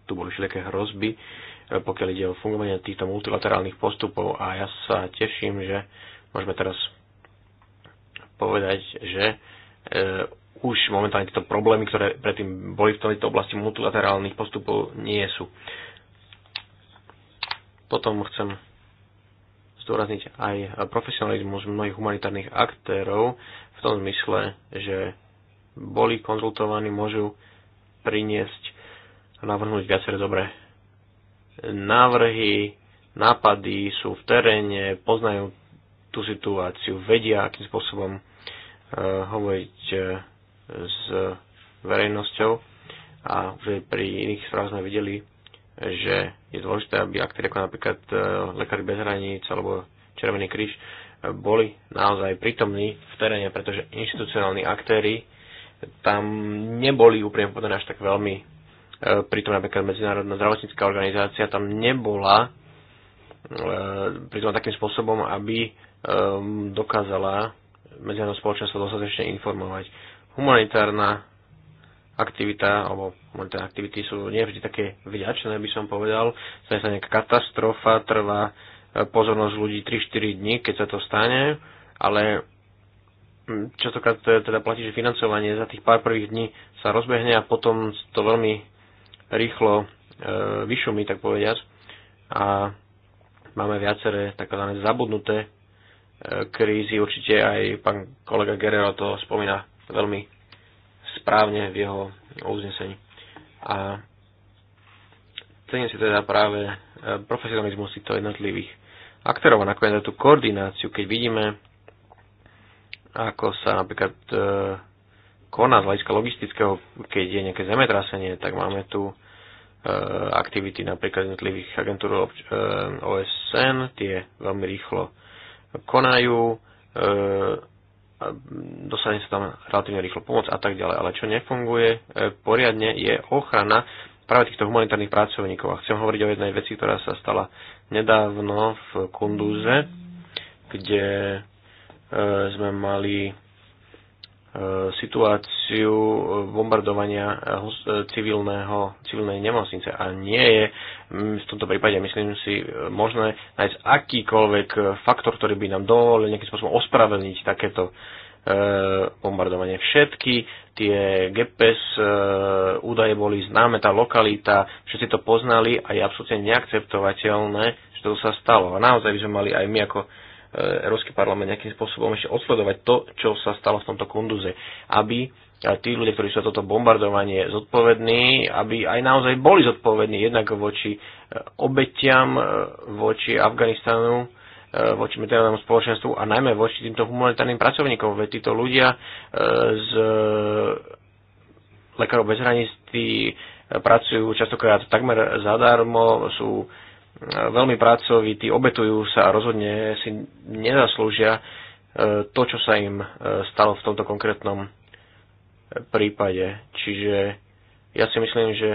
[SPEAKER 2] tu boli všelijaké hrozby, e, pokiaľ ide o fungovanie týchto multilaterálnych postupov a ja sa teším, že môžeme teraz povedať, že e, už momentálne tieto problémy, ktoré predtým boli v tejto oblasti multilaterálnych postupov, nie sú. Potom chcem zdôrazniť aj profesionalizmus mnohých humanitárnych aktérov v tom zmysle, že boli konzultovaní, môžu priniesť a navrhnúť viaceré dobré návrhy, nápady, sú v teréne, poznajú tú situáciu, vedia, akým spôsobom uh, hovoriť uh, s verejnosťou a už pri iných správach sme videli, že je dôležité, aby aktéry ako napríklad e, Lekári bez hraníc alebo Červený kríž e, boli naozaj prítomní v teréne, pretože inštitucionálni aktéry tam neboli úprimne povedané až tak veľmi e, pritom napríklad Medzinárodná zdravotnícká organizácia tam nebola pritom takým spôsobom, aby dokázala medzinárodné spoločenstvo dostatečne informovať humanitárna aktivita alebo humanitárne aktivity sú nevždy také vďačné, by som povedal. Stane sa nejaká katastrofa, trvá e, pozornosť ľudí 3-4 dní, keď sa to stane, ale mm, častokrát teda platí, že financovanie za tých pár prvých dní sa rozbehne a potom to veľmi rýchlo e, vyšumí, tak povediať. A máme viaceré takzvané zabudnuté e, krízy. Určite aj pán kolega Guerrero to spomína veľmi správne v jeho uznesení. A cením si teda práve e, profesionalizmus týchto jednotlivých aktérov a nakoniec aj tú koordináciu, keď vidíme, ako sa napríklad e, koná z hľadiska logistického, keď je nejaké zemetrasenie, tak máme tu e, aktivity napríklad jednotlivých agentúr OSN, tie veľmi rýchlo konajú, dostane sa tam relatívne rýchlo pomoc a tak ďalej. Ale čo nefunguje e, poriadne je ochrana práve týchto humanitárnych pracovníkov. A chcem hovoriť o jednej veci, ktorá sa stala nedávno v Kunduze, kde e, sme mali situáciu bombardovania civilného, civilnej nemocnice. A nie je mm, v tomto prípade, myslím si, možné nájsť akýkoľvek faktor, ktorý by nám dovolil nejakým spôsobom ospravedlniť takéto e, bombardovanie. Všetky tie GPS e, údaje boli známe, tá lokalita, všetci to poznali a je absolútne neakceptovateľné, že to sa stalo. A naozaj by sme mali aj my ako E, Európsky parlament nejakým spôsobom ešte odsledovať to, čo sa stalo v tomto kunduze, aby e, tí ľudia, ktorí sú toto bombardovanie zodpovední, aby aj naozaj boli zodpovední jednak voči e, obetiam, voči Afganistanu, voči medzinárodnému spoločenstvu a najmä voči týmto humanitárnym pracovníkom. Veď títo ľudia z Lekárov bez hraníc, tí pracujú častokrát takmer zadarmo, sú veľmi pracovití, obetujú sa a rozhodne si nezaslúžia e, to, čo sa im e, stalo v tomto konkrétnom e, prípade. Čiže ja si myslím, že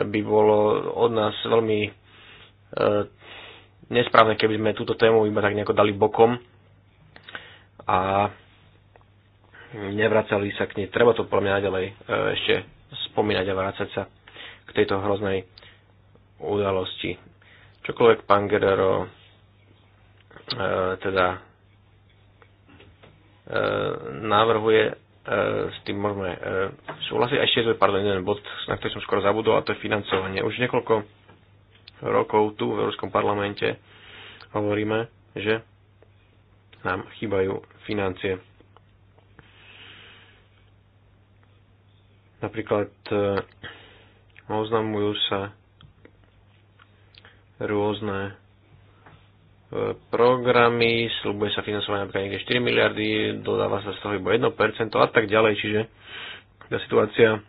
[SPEAKER 2] by bolo od nás veľmi nesprávne, keby sme túto tému iba tak nejako dali bokom a nevracali sa k nej. Treba to podľa mňa ďalej ešte spomínať a vrácať sa k tejto hroznej udalosti. Čokoľvek pán Guerrero e, teda e, navrhuje, e, s tým môžeme e, súhlasiť. A ešte je to, pardon, jeden bod, na ktorý som skoro zabudol, a to je financovanie. Už niekoľko rokov tu v Európskom parlamente hovoríme, že nám chýbajú financie. Napríklad e, oznamujú sa rôzne e, programy, slúbuje sa financovanie napríklad niekde 4 miliardy, dodáva sa z toho iba 1% a tak ďalej, čiže tá situácia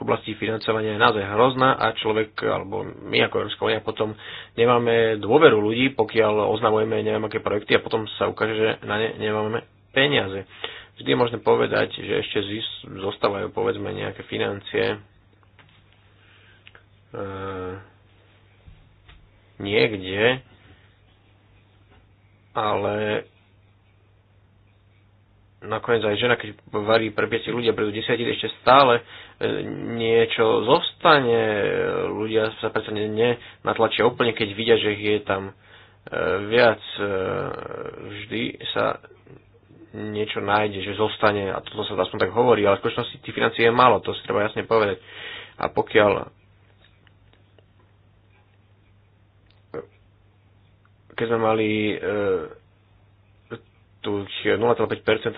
[SPEAKER 2] v oblasti financovania je naozaj hrozná a človek, alebo my ako Európska únia potom nemáme dôveru ľudí, pokiaľ oznamujeme neviem aké projekty a potom sa ukáže, že na ne nemáme peniaze. Vždy je možné povedať, že ešte zostávajú povedzme nejaké financie, e niekde, ale nakoniec aj žena, keď varí pre 5 ľudia, pre 10 ešte stále e, niečo zostane. Ľudia sa predsa nenatlačia úplne, keď vidia, že ich je tam e, viac. E, vždy sa niečo nájde, že zostane, a toto sa aspoň tak hovorí, ale v skutočnosti tých financií je málo, to si treba jasne povedať. A pokiaľ keď sme mali e, tých 0,5%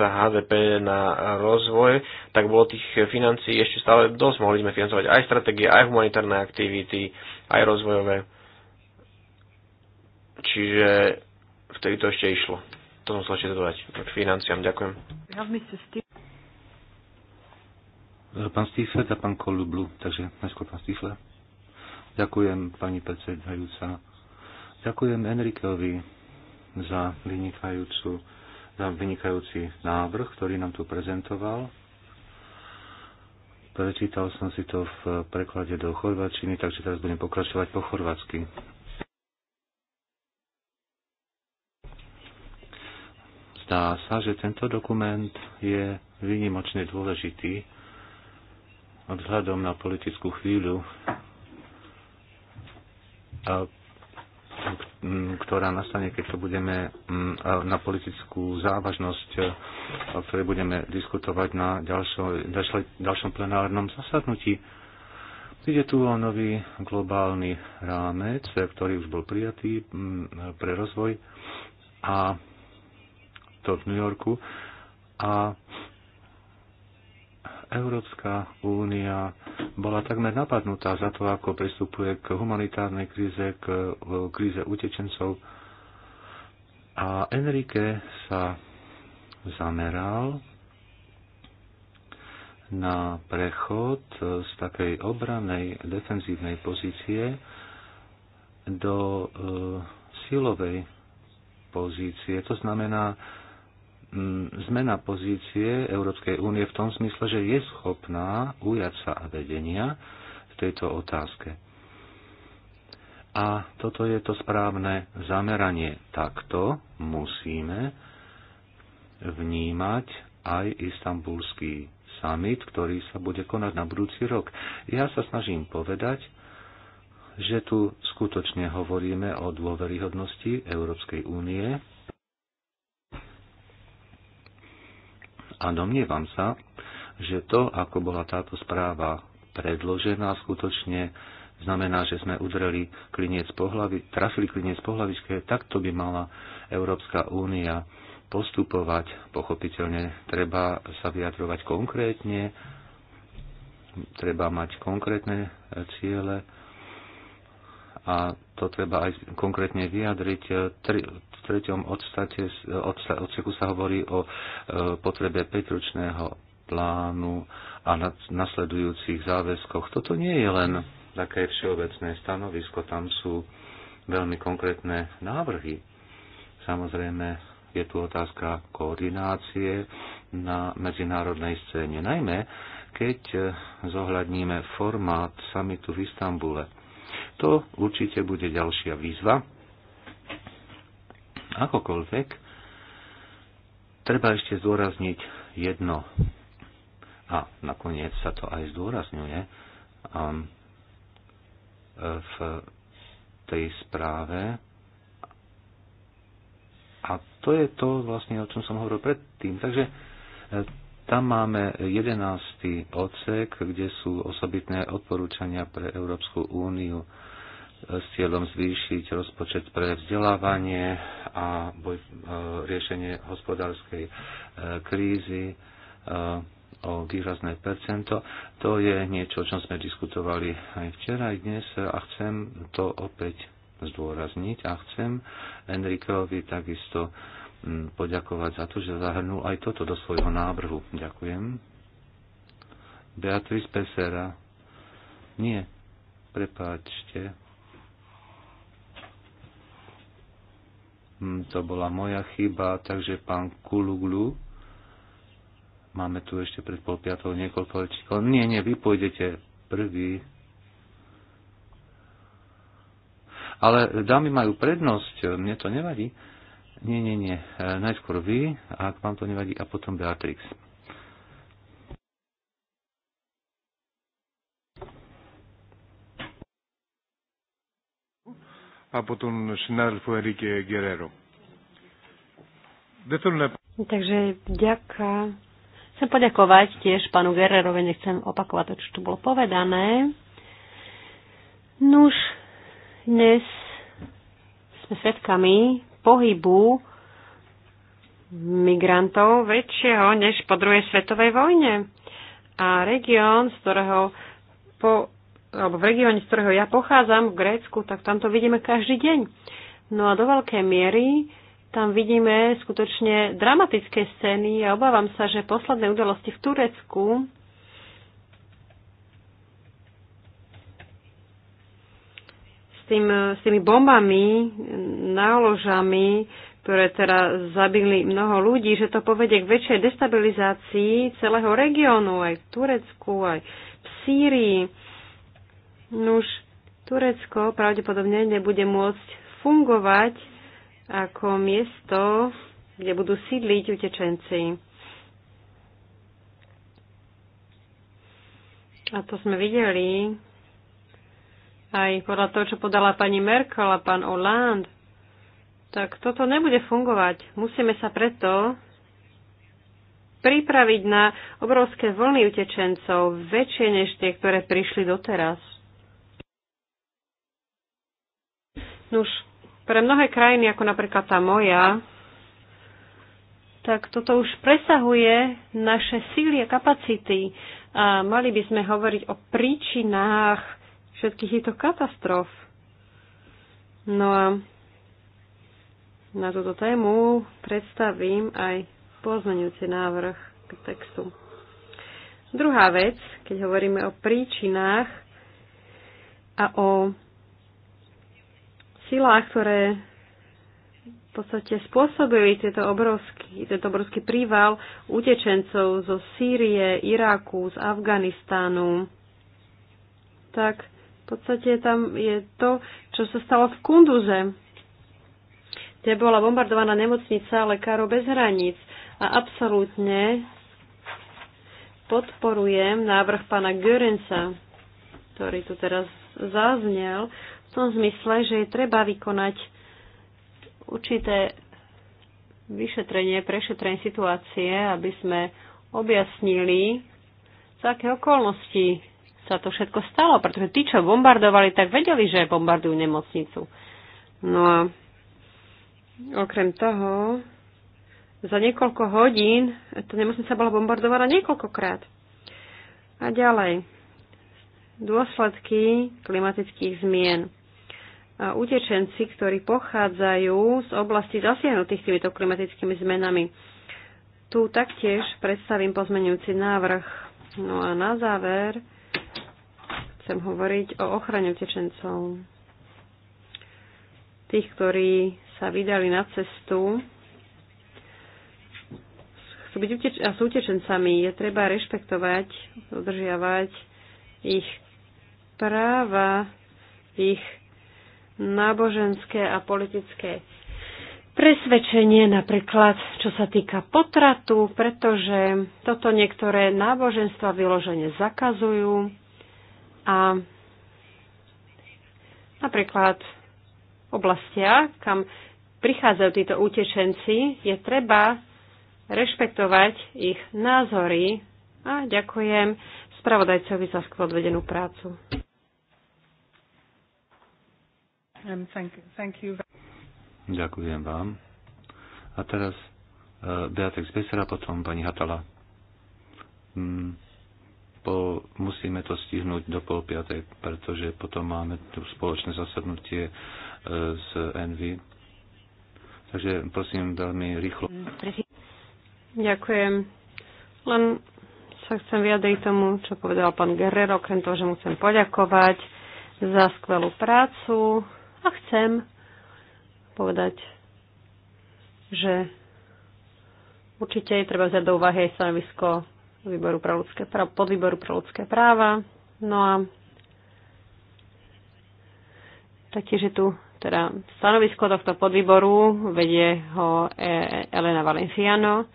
[SPEAKER 2] HDP na rozvoj, tak bolo tých financií ešte stále dosť. Mohli sme financovať aj stratégie, aj humanitárne aktivity, aj rozvojové. Čiže vtedy to ešte išlo. To som chcel ešte dodať k financiám.
[SPEAKER 3] Ďakujem. Pán Stifle a pán Kolublu, takže najskôr pán Stifle. Ďakujem, pani predsedajúca Ďakujem Enrikovi za, vynikajúcu, za vynikajúci návrh, ktorý nám tu prezentoval. Prečítal som si to v preklade do chorvačiny, takže teraz budem pokračovať po chorvatsky. Zdá sa, že tento dokument je výnimočne dôležitý vzhľadom na politickú chvíľu a ktorá nastane, keď to budeme mm, na politickú závažnosť, o ktorej budeme diskutovať na ďalšom, ďalšom plenárnom zasadnutí. Ide tu o nový globálny rámec, ktorý už bol prijatý mm, pre rozvoj a to v New Yorku. A Európska únia bola takmer napadnutá za to, ako pristupuje k humanitárnej kríze, k kríze utečencov. A Enrique sa zameral na prechod z takej obranej defenzívnej pozície do e, silovej pozície. To znamená, zmena pozície Európskej únie v tom smysle, že je schopná ujať sa a vedenia v tejto otázke. A toto je to správne zameranie. Takto musíme vnímať aj istambulský summit, ktorý sa bude konať na budúci rok. Ja sa snažím povedať, že tu skutočne hovoríme o dôveryhodnosti Európskej únie A domnievam sa, že to, ako bola táto správa predložená, skutočne znamená, že sme udreli kliniec po hlavi, trafili kliniec po hlavičke, takto by mala Európska únia postupovať. Pochopiteľne treba sa vyjadrovať konkrétne, treba mať konkrétne ciele a to treba aj konkrétne vyjadriť treťom odstate, odsta, odseku sa hovorí o e, potrebe petročného plánu a nad nasledujúcich záväzkoch. Toto nie je len také všeobecné stanovisko, tam sú veľmi konkrétne návrhy. Samozrejme, je tu otázka koordinácie na medzinárodnej scéne, najmä keď e, zohľadníme formát samitu v Istambule. To určite bude ďalšia výzva, Akokoľvek, treba ešte zdôrazniť jedno, a nakoniec sa to aj zdôrazňuje um, v tej správe, a to je to vlastne, o čom som hovoril predtým. Takže eh, tam máme 11. odsek, kde sú osobitné odporúčania pre Európsku úniu eh, s cieľom zvýšiť rozpočet pre vzdelávanie, a boj, e, riešenie hospodárskej e, krízy e, o výrazné percento. To je niečo, o čom sme diskutovali aj včera, aj dnes a chcem to opäť zdôrazniť a chcem Enrikeovi takisto poďakovať za to, že zahrnul aj toto do svojho návrhu. Ďakujem. Beatrice Pesera. Nie, prepáčte. Hm, to bola moja chyba, takže pán Kuluglu, máme tu ešte pred pol piatou niekoľko rečníkov. Nie, nie, vy pôjdete prvý. Ale dámy majú prednosť, mne to nevadí. Nie, nie, nie, e, najskôr vy, ak vám to nevadí, a potom Beatrix. από τον συνάδελφο Ερίκε Γκερέρο. Δεν θέλω να...
[SPEAKER 1] Takže ďaká. Chcem poďakovať tiež panu Gererovi, nechcem opakovať to, čo tu bolo povedané. Nuž, dnes sme svedkami pohybu migrantov väčšieho než po druhej svetovej vojne. A región, z ktorého po alebo v regióne, z ktorého ja pochádzam, v Grécku, tak tam to vidíme každý deň. No a do veľkej miery tam vidíme skutočne dramatické scény a obávam sa, že posledné udalosti v Turecku s, tým, s tými bombami, náložami, ktoré teda zabili mnoho ľudí, že to povedie k väčšej destabilizácii celého regiónu, aj v Turecku, aj v Sýrii. Nuž, Turecko pravdepodobne nebude môcť fungovať ako miesto, kde budú sídliť utečenci. A to sme videli aj podľa toho, čo podala pani Merkel a pán Hollande. Tak toto nebude fungovať. Musíme sa preto pripraviť na obrovské vlny utečencov, väčšie než tie, ktoré prišli doteraz. Nuž, pre mnohé krajiny, ako napríklad tá moja, tak toto už presahuje naše síly a kapacity. A mali by sme hovoriť o príčinách všetkých týchto katastrof. No a na túto tému predstavím aj pozmenujúci návrh k textu. Druhá vec, keď hovoríme o príčinách a o silách, ktoré v podstate spôsobili tieto obrovský, tento obrovský príval utečencov zo Sýrie, Iraku, z Afganistánu, tak v podstate tam je to, čo sa stalo v Kunduze, kde bola bombardovaná nemocnica lekárov bez hraníc. A absolútne podporujem návrh pána Görensa, ktorý tu teraz zaznel, tom zmysle, že je treba vykonať určité vyšetrenie, prešetrenie situácie, aby sme objasnili, za aké okolnosti sa to všetko stalo, pretože tí, čo bombardovali, tak vedeli, že bombardujú nemocnicu. No a okrem toho, za niekoľko hodín tá nemocnica bola bombardovaná niekoľkokrát. A ďalej, dôsledky klimatických zmien utečenci, ktorí pochádzajú z oblasti zasiahnutých týmito klimatickými zmenami. Tu taktiež predstavím pozmenujúci návrh. No a na záver chcem hovoriť o ochrane utečencov. Tých, ktorí sa vydali na cestu, chcú byť uteč- a sú utečencami, je treba rešpektovať, dodržiavať ich práva, ich náboženské a politické presvedčenie, napríklad čo sa týka potratu, pretože toto niektoré náboženstva vyložene zakazujú a napríklad v oblastiach, kam prichádzajú títo utečenci, je treba rešpektovať ich názory a ďakujem spravodajcovi za skvodvedenú prácu. Um, thank, thank you.
[SPEAKER 3] Ďakujem vám. A teraz uh, Beatrix Besera, potom pani Hatala. Mm, po, musíme to stihnúť do pol piatej, pretože potom máme tu spoločné zasadnutie uh, e, s Envy. Takže prosím veľmi rýchlo.
[SPEAKER 1] Ďakujem. Len sa chcem vyjadriť tomu, čo povedal pán Guerrero, okrem toho, že mu chcem poďakovať za skvelú prácu, a chcem povedať, že určite je treba vziať do úvahy aj stanovisko výboru pre ľudské práva, podvýboru pre ľudské práva. No a taktiež je tu teda stanovisko tohto podvýboru, vedie ho e, Elena Valenciano.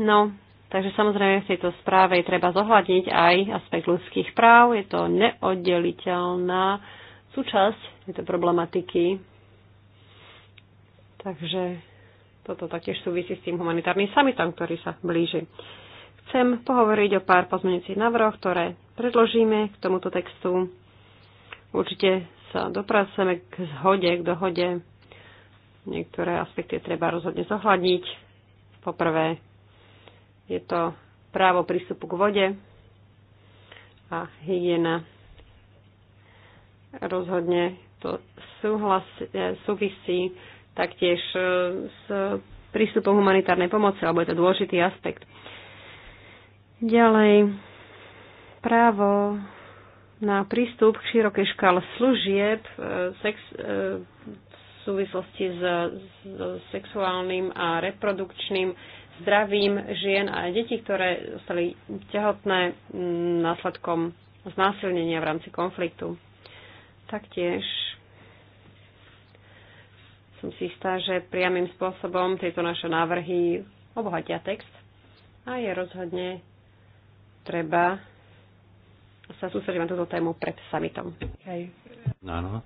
[SPEAKER 1] No, takže samozrejme v tejto správe treba zohľadniť aj aspekt ľudských práv. Je to neoddeliteľná súčasť tejto problematiky. Takže toto taktiež súvisí s tým humanitárnym summitom, ktorý sa blíži. Chcem pohovoriť o pár pozmeňujúcich návrhoch, ktoré predložíme k tomuto textu. Určite sa dopracujeme k zhode, k dohode. Niektoré aspekty treba rozhodne zohľadniť. Poprvé je to právo prístupu k vode a hygiena Rozhodne to súhlas, e, súvisí taktiež e, s prístupom humanitárnej pomoci, alebo je to dôležitý aspekt. Ďalej, právo na prístup k širokej škále služieb e, sex, v súvislosti s, s sexuálnym a reprodukčným zdravím žien a detí, ktoré zostali tehotné následkom znásilnenia v rámci konfliktu. Taktiež som si istá, že priamým spôsobom tieto naše návrhy obohatia text a je rozhodne treba sa sústrediť na túto tému pred summitom. Okay.
[SPEAKER 3] Áno.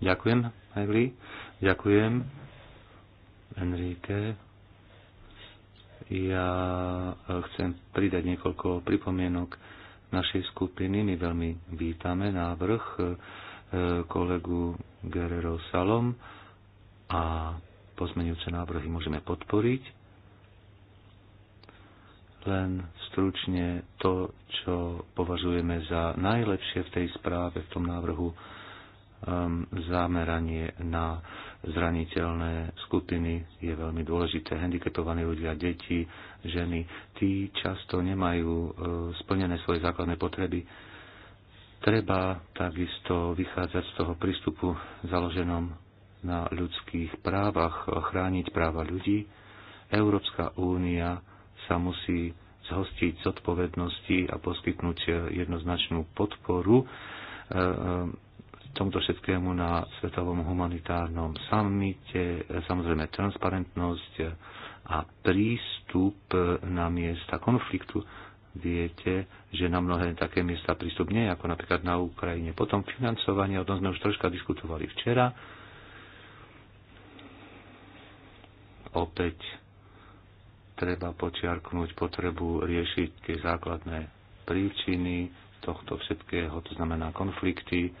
[SPEAKER 3] Ďakujem, Evli. Ďakujem, Enrique. Ja eh, chcem pridať niekoľko pripomienok našej skupiny. My veľmi vítame návrh e, kolegu Guerrero Salom a pozmenujúce návrhy môžeme podporiť. Len stručne to, čo považujeme za najlepšie v tej správe, v tom návrhu Ehm, zameranie na zraniteľné skupiny je veľmi dôležité. handiketovaní ľudia, deti, ženy, tí často nemajú e, splnené svoje základné potreby. Treba takisto vychádzať z toho prístupu založenom na ľudských právach, chrániť práva ľudí. Európska únia sa musí zhostiť zodpovednosti a poskytnúť jednoznačnú podporu e, e, tomuto všetkému na Svetovom humanitárnom samite, samozrejme transparentnosť a prístup na miesta konfliktu. Viete, že na mnohé také miesta prístup nie, ako napríklad na Ukrajine. Potom financovanie, o tom sme už troška diskutovali včera. Opäť treba počiarknúť potrebu riešiť tie základné príčiny tohto všetkého, to znamená konflikty,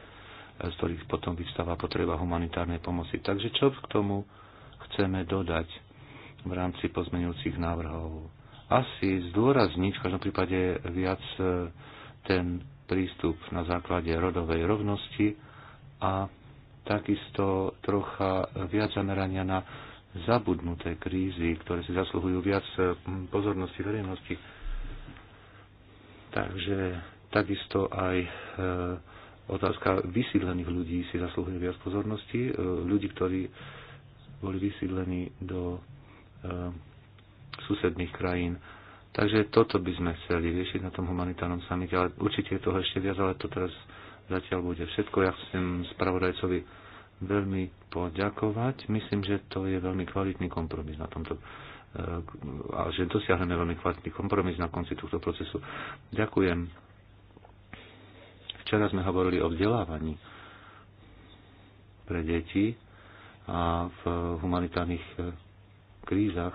[SPEAKER 3] z ktorých potom vyvstáva potreba humanitárnej pomoci. Takže čo k tomu chceme dodať v rámci pozmeňujúcich návrhov? Asi zdôrazniť v každom prípade viac e, ten prístup na základe rodovej rovnosti a takisto trocha viac zamerania na zabudnuté krízy, ktoré si zasluhujú viac e, pozornosti verejnosti. Takže takisto aj e, otázka vysídlených ľudí si zaslúhuje viac pozornosti. E, ľudí, ktorí boli vysídlení do e, susedných krajín. Takže toto by sme chceli riešiť na tom humanitárnom samite, ale určite je toho ešte viac, ale to teraz zatiaľ bude všetko. Ja chcem spravodajcovi veľmi poďakovať. Myslím, že to je veľmi kvalitný kompromis na tomto e, a že dosiahneme veľmi kvalitný kompromis na konci tohto procesu. Ďakujem Včera sme hovorili o vzdelávaní pre deti a v humanitárnych e, krízach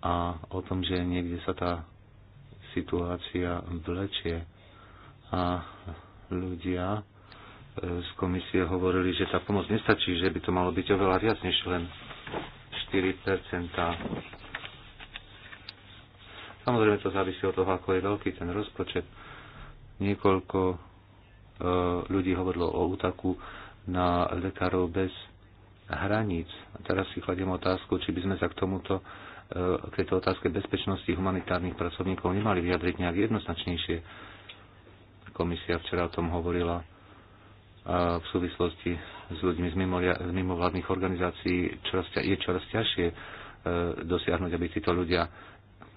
[SPEAKER 3] a o tom, že niekde sa tá situácia vlečie a ľudia e, z komisie hovorili, že tá pomoc nestačí, že by to malo byť oveľa viac než len 4 Samozrejme to závisí od toho, ako je veľký ten rozpočet. Niekoľko e, ľudí hovorilo o útaku na lekárov bez hraníc. A teraz si kladiem otázku, či by sme sa k tomuto e, k tejto otázke bezpečnosti humanitárnych pracovníkov nemali vyjadriť nejak jednoznačnejšie. Komisia včera o tom hovorila e, v súvislosti s ľuďmi z, mimolia, z mimovládnych organizácií čoraz, je čoraz ťažšie dosiahnuť, aby títo ľudia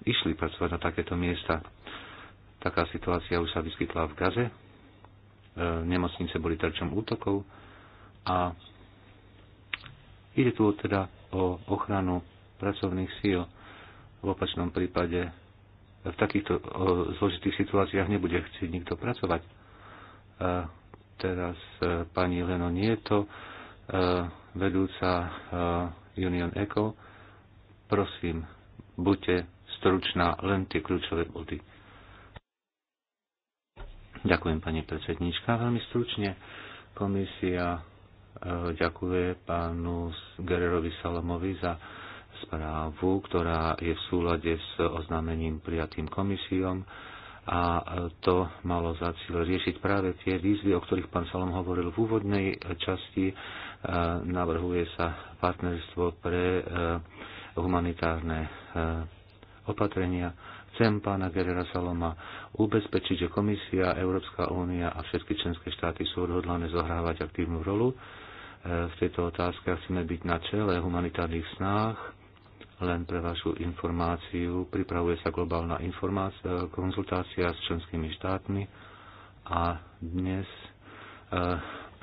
[SPEAKER 3] išli pracovať na takéto miesta. Taká situácia už sa vyskytla v Gaze. E, nemocnice boli terčom útokov a ide tu teda o ochranu pracovných síl. V opačnom prípade v takýchto zložitých situáciách nebude chcieť nikto pracovať. E, teraz e, pani Leno Nieto, vedúca Union Eco, prosím, buďte stručná, len tie kľúčové body. Ďakujem, pani predsednička. Veľmi stručne komisia e, ďakuje pánu Gererovi Salomovi za správu, ktorá je v súlade s oznámením prijatým komisiom a e, to malo za cieľ riešiť práve tie výzvy, o ktorých pán Salom hovoril v úvodnej časti. E, navrhuje sa partnerstvo pre humanitárne opatrenia Chcem pána Gerera Saloma ubezpečiť, že Komisia, Európska únia a všetky členské štáty sú odhodlané zohrávať aktívnu rolu e, v tejto otázke a chceme byť na čele humanitárnych snách. Len pre vašu informáciu pripravuje sa globálna e, konzultácia s členskými štátmi a dnes e,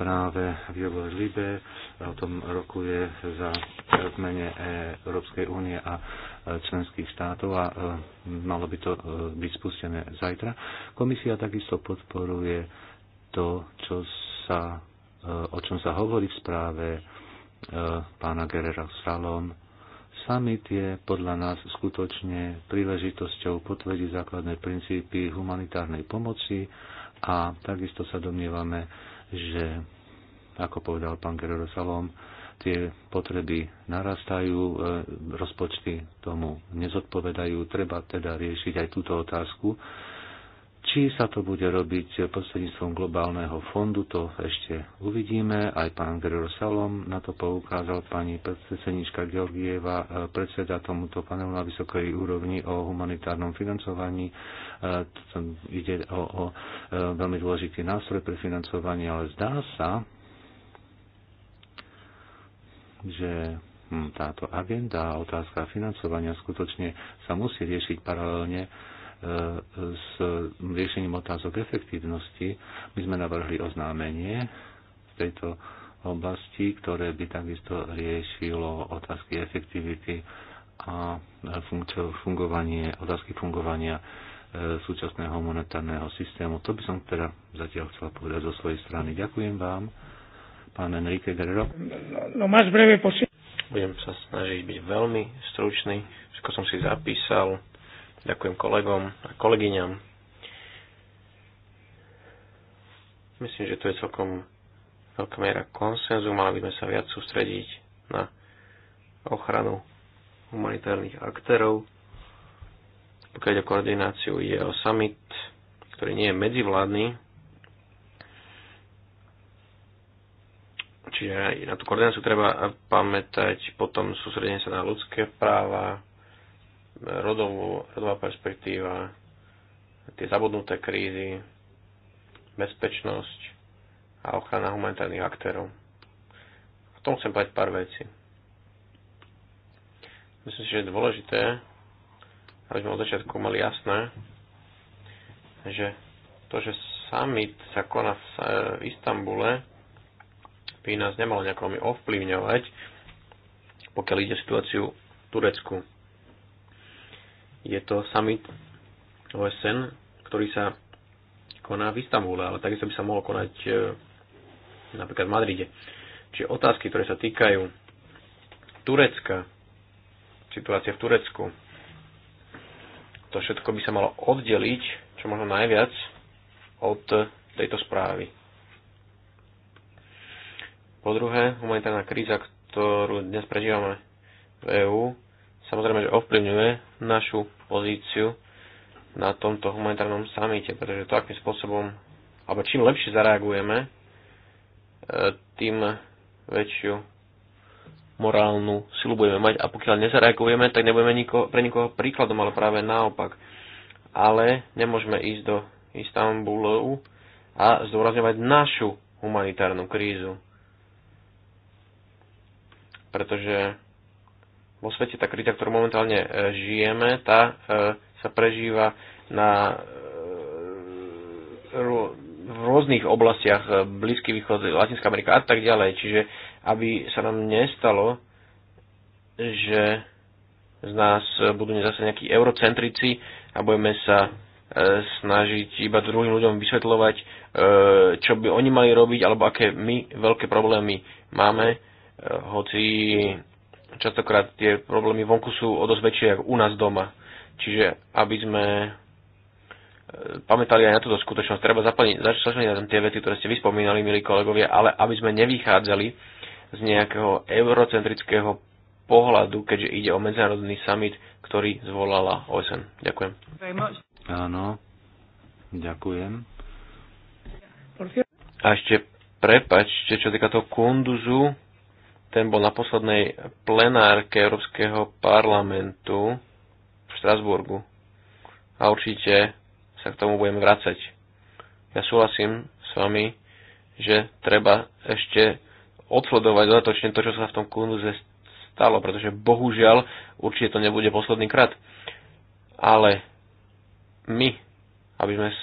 [SPEAKER 3] práve v Jogor Libe o tom rokuje za zmene Európskej únie a členských štátov a e, malo by to e, byť spustené zajtra. Komisia takisto podporuje to, čo sa, e, o čom sa hovorí v správe pána Gerera Salom. Summit je podľa nás skutočne príležitosťou potvrdiť základné princípy humanitárnej pomoci a takisto sa domnievame, že, ako povedal pán Gerero Salom, tie potreby narastajú, e, rozpočty tomu nezodpovedajú. Treba teda riešiť aj túto otázku. Či sa to bude robiť prostredníctvom globálneho fondu, to ešte uvidíme. Aj pán Geror Salom na to poukázal, pani predsednička Georgieva, e, predseda tomuto panelu na vysokej úrovni o humanitárnom financovaní. E, ide o, o veľmi dôležitý nástroj pre financovanie, ale zdá sa, že hm, táto agenda a otázka financovania skutočne sa musí riešiť paralelne e, s riešením otázok efektívnosti. My sme navrhli oznámenie v tejto oblasti, ktoré by takisto riešilo otázky efektivity a fungovanie, otázky fungovania e, súčasného monetárneho systému. To by som teda zatiaľ chcela povedať zo svojej strany. Ďakujem vám. Pán Enrique Guerrero. No, más breve Budem sa snažiť byť
[SPEAKER 2] veľmi stručný. Všetko som si zapísal. Ďakujem kolegom a kolegyňam. Myslím, že to je celkom veľká miera konsenzu. Mali by sme sa viac sústrediť na ochranu humanitárnych aktérov. Pokiaľ o koordináciu, ide o summit, ktorý nie je medzivládny, Čiže na tú koordináciu treba pamätať, potom sústredenie sa na ľudské práva, rodovú, rodová perspektíva, tie zabudnuté krízy, bezpečnosť a ochrana humanitárnych aktérov. V tom chcem povedať pár vecí. Myslím si, že je dôležité, aby sme od začiatku mali jasné, že to, že summit sa koná v eh, Istambule, by nás nemalo nejako ovplyvňovať, pokiaľ ide situáciu v Turecku. Je to summit OSN, ktorý sa koná v Istambule, ale takisto by sa mohol konať e, napríklad v Madride. Čiže otázky, ktoré sa týkajú Turecka, situácia v Turecku, to všetko by sa malo oddeliť čo možno najviac od tejto správy. Po druhé, humanitárna kríza, ktorú dnes prežívame v EÚ, samozrejme, že ovplyvňuje našu pozíciu na tomto humanitárnom samite, pretože to, akým spôsobom, alebo čím lepšie zareagujeme, e, tým väčšiu morálnu silu budeme mať a pokiaľ nezareagujeme, tak nebudeme niko, pre nikoho príkladom, ale práve naopak. Ale nemôžeme ísť do Istanbulu a zdôrazňovať našu humanitárnu krízu pretože vo svete tá kríza, ktorú momentálne e, žijeme, tá e, sa prežíva na e, v rôznych oblastiach, Blízky východ, Latinská Amerika a tak ďalej. Čiže aby sa nám nestalo, že z nás budú zase nejakí eurocentrici a budeme sa snažiť iba druhým ľuďom vysvetľovať, čo by oni mali robiť, alebo aké my veľké problémy máme hoci častokrát tie problémy vonku sú o dosť väčšie ako u nás doma. Čiže aby sme e, pamätali aj na túto skutočnosť, treba zaplniť, na tie vety, ktoré ste vyspomínali, milí kolegovia, ale aby sme nevychádzali z nejakého eurocentrického pohľadu, keďže ide o medzinárodný summit, ktorý zvolala OSN. Ďakujem. Áno, ďakujem. A ešte prepačte, čo týka toho kunduzu, ten bol na poslednej plenárke Európskeho parlamentu v Štrasburgu. A určite sa k tomu budeme vracať. Ja súhlasím s vami, že treba ešte odsledovať dodatočne to, čo sa v tom kunduze stalo, pretože bohužiaľ určite to nebude posledný krát. Ale my, aby sme, e,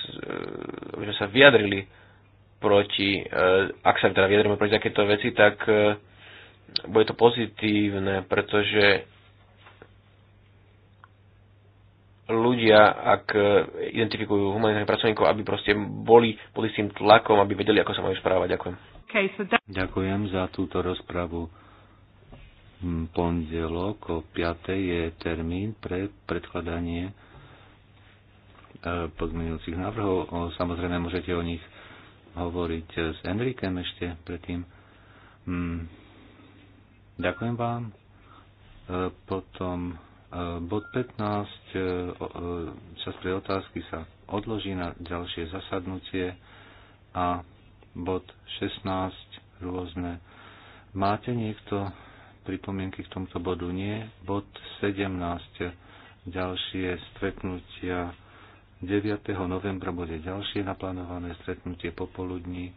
[SPEAKER 2] aby sme sa vyjadrili proti, e, ak sa teda vyjadrime proti takéto veci, tak e, bude to pozitívne, pretože ľudia, ak e, identifikujú humanitárnych pracovníkov, aby proste boli pod istým tlakom, aby vedeli, ako sa majú správať. Ďakujem.
[SPEAKER 3] Okay, so that... Ďakujem za túto rozpravu. Mm, pondelok o 5. je termín pre predkladanie e, pozmeňujúcich návrhov. Samozrejme, môžete o nich hovoriť e, s Enrikem ešte predtým. Mm, Ďakujem vám. E, potom e, bod 15, čas pre otázky sa odloží na ďalšie zasadnutie a bod 16 rôzne. Máte niekto pripomienky k tomuto bodu? Nie. Bod 17 ďalšie stretnutia 9. novembra bude ďalšie naplánované stretnutie popoludní,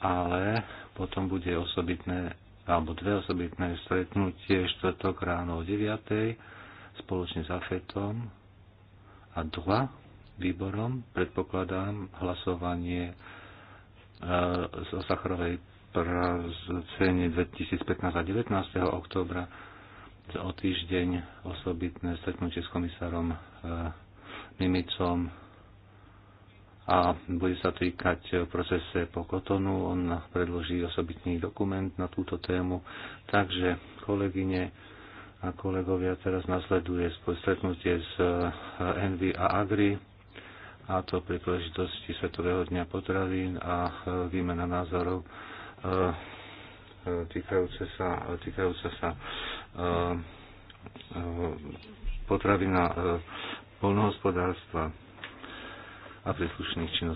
[SPEAKER 3] ale potom bude osobitné alebo dve osobitné stretnutie štvrtok ráno o 9. spoločne s AFETom a dva výborom. Predpokladám hlasovanie e, z Sacharovej cene 2015 a 19. oktobra o týždeň osobitné stretnutie s komisárom e, Mimicom a bude sa týkať v procese po Kotonu. On predloží osobitný dokument na túto tému. Takže kolegyne a kolegovia teraz nasleduje stretnutie s Envy eh, a Agri a to pri príležitosti Svetového dňa potravín a eh, výmena názorov eh, týkajúce sa, týkajúce sa potravina polnohospodárstva a príslušných činností.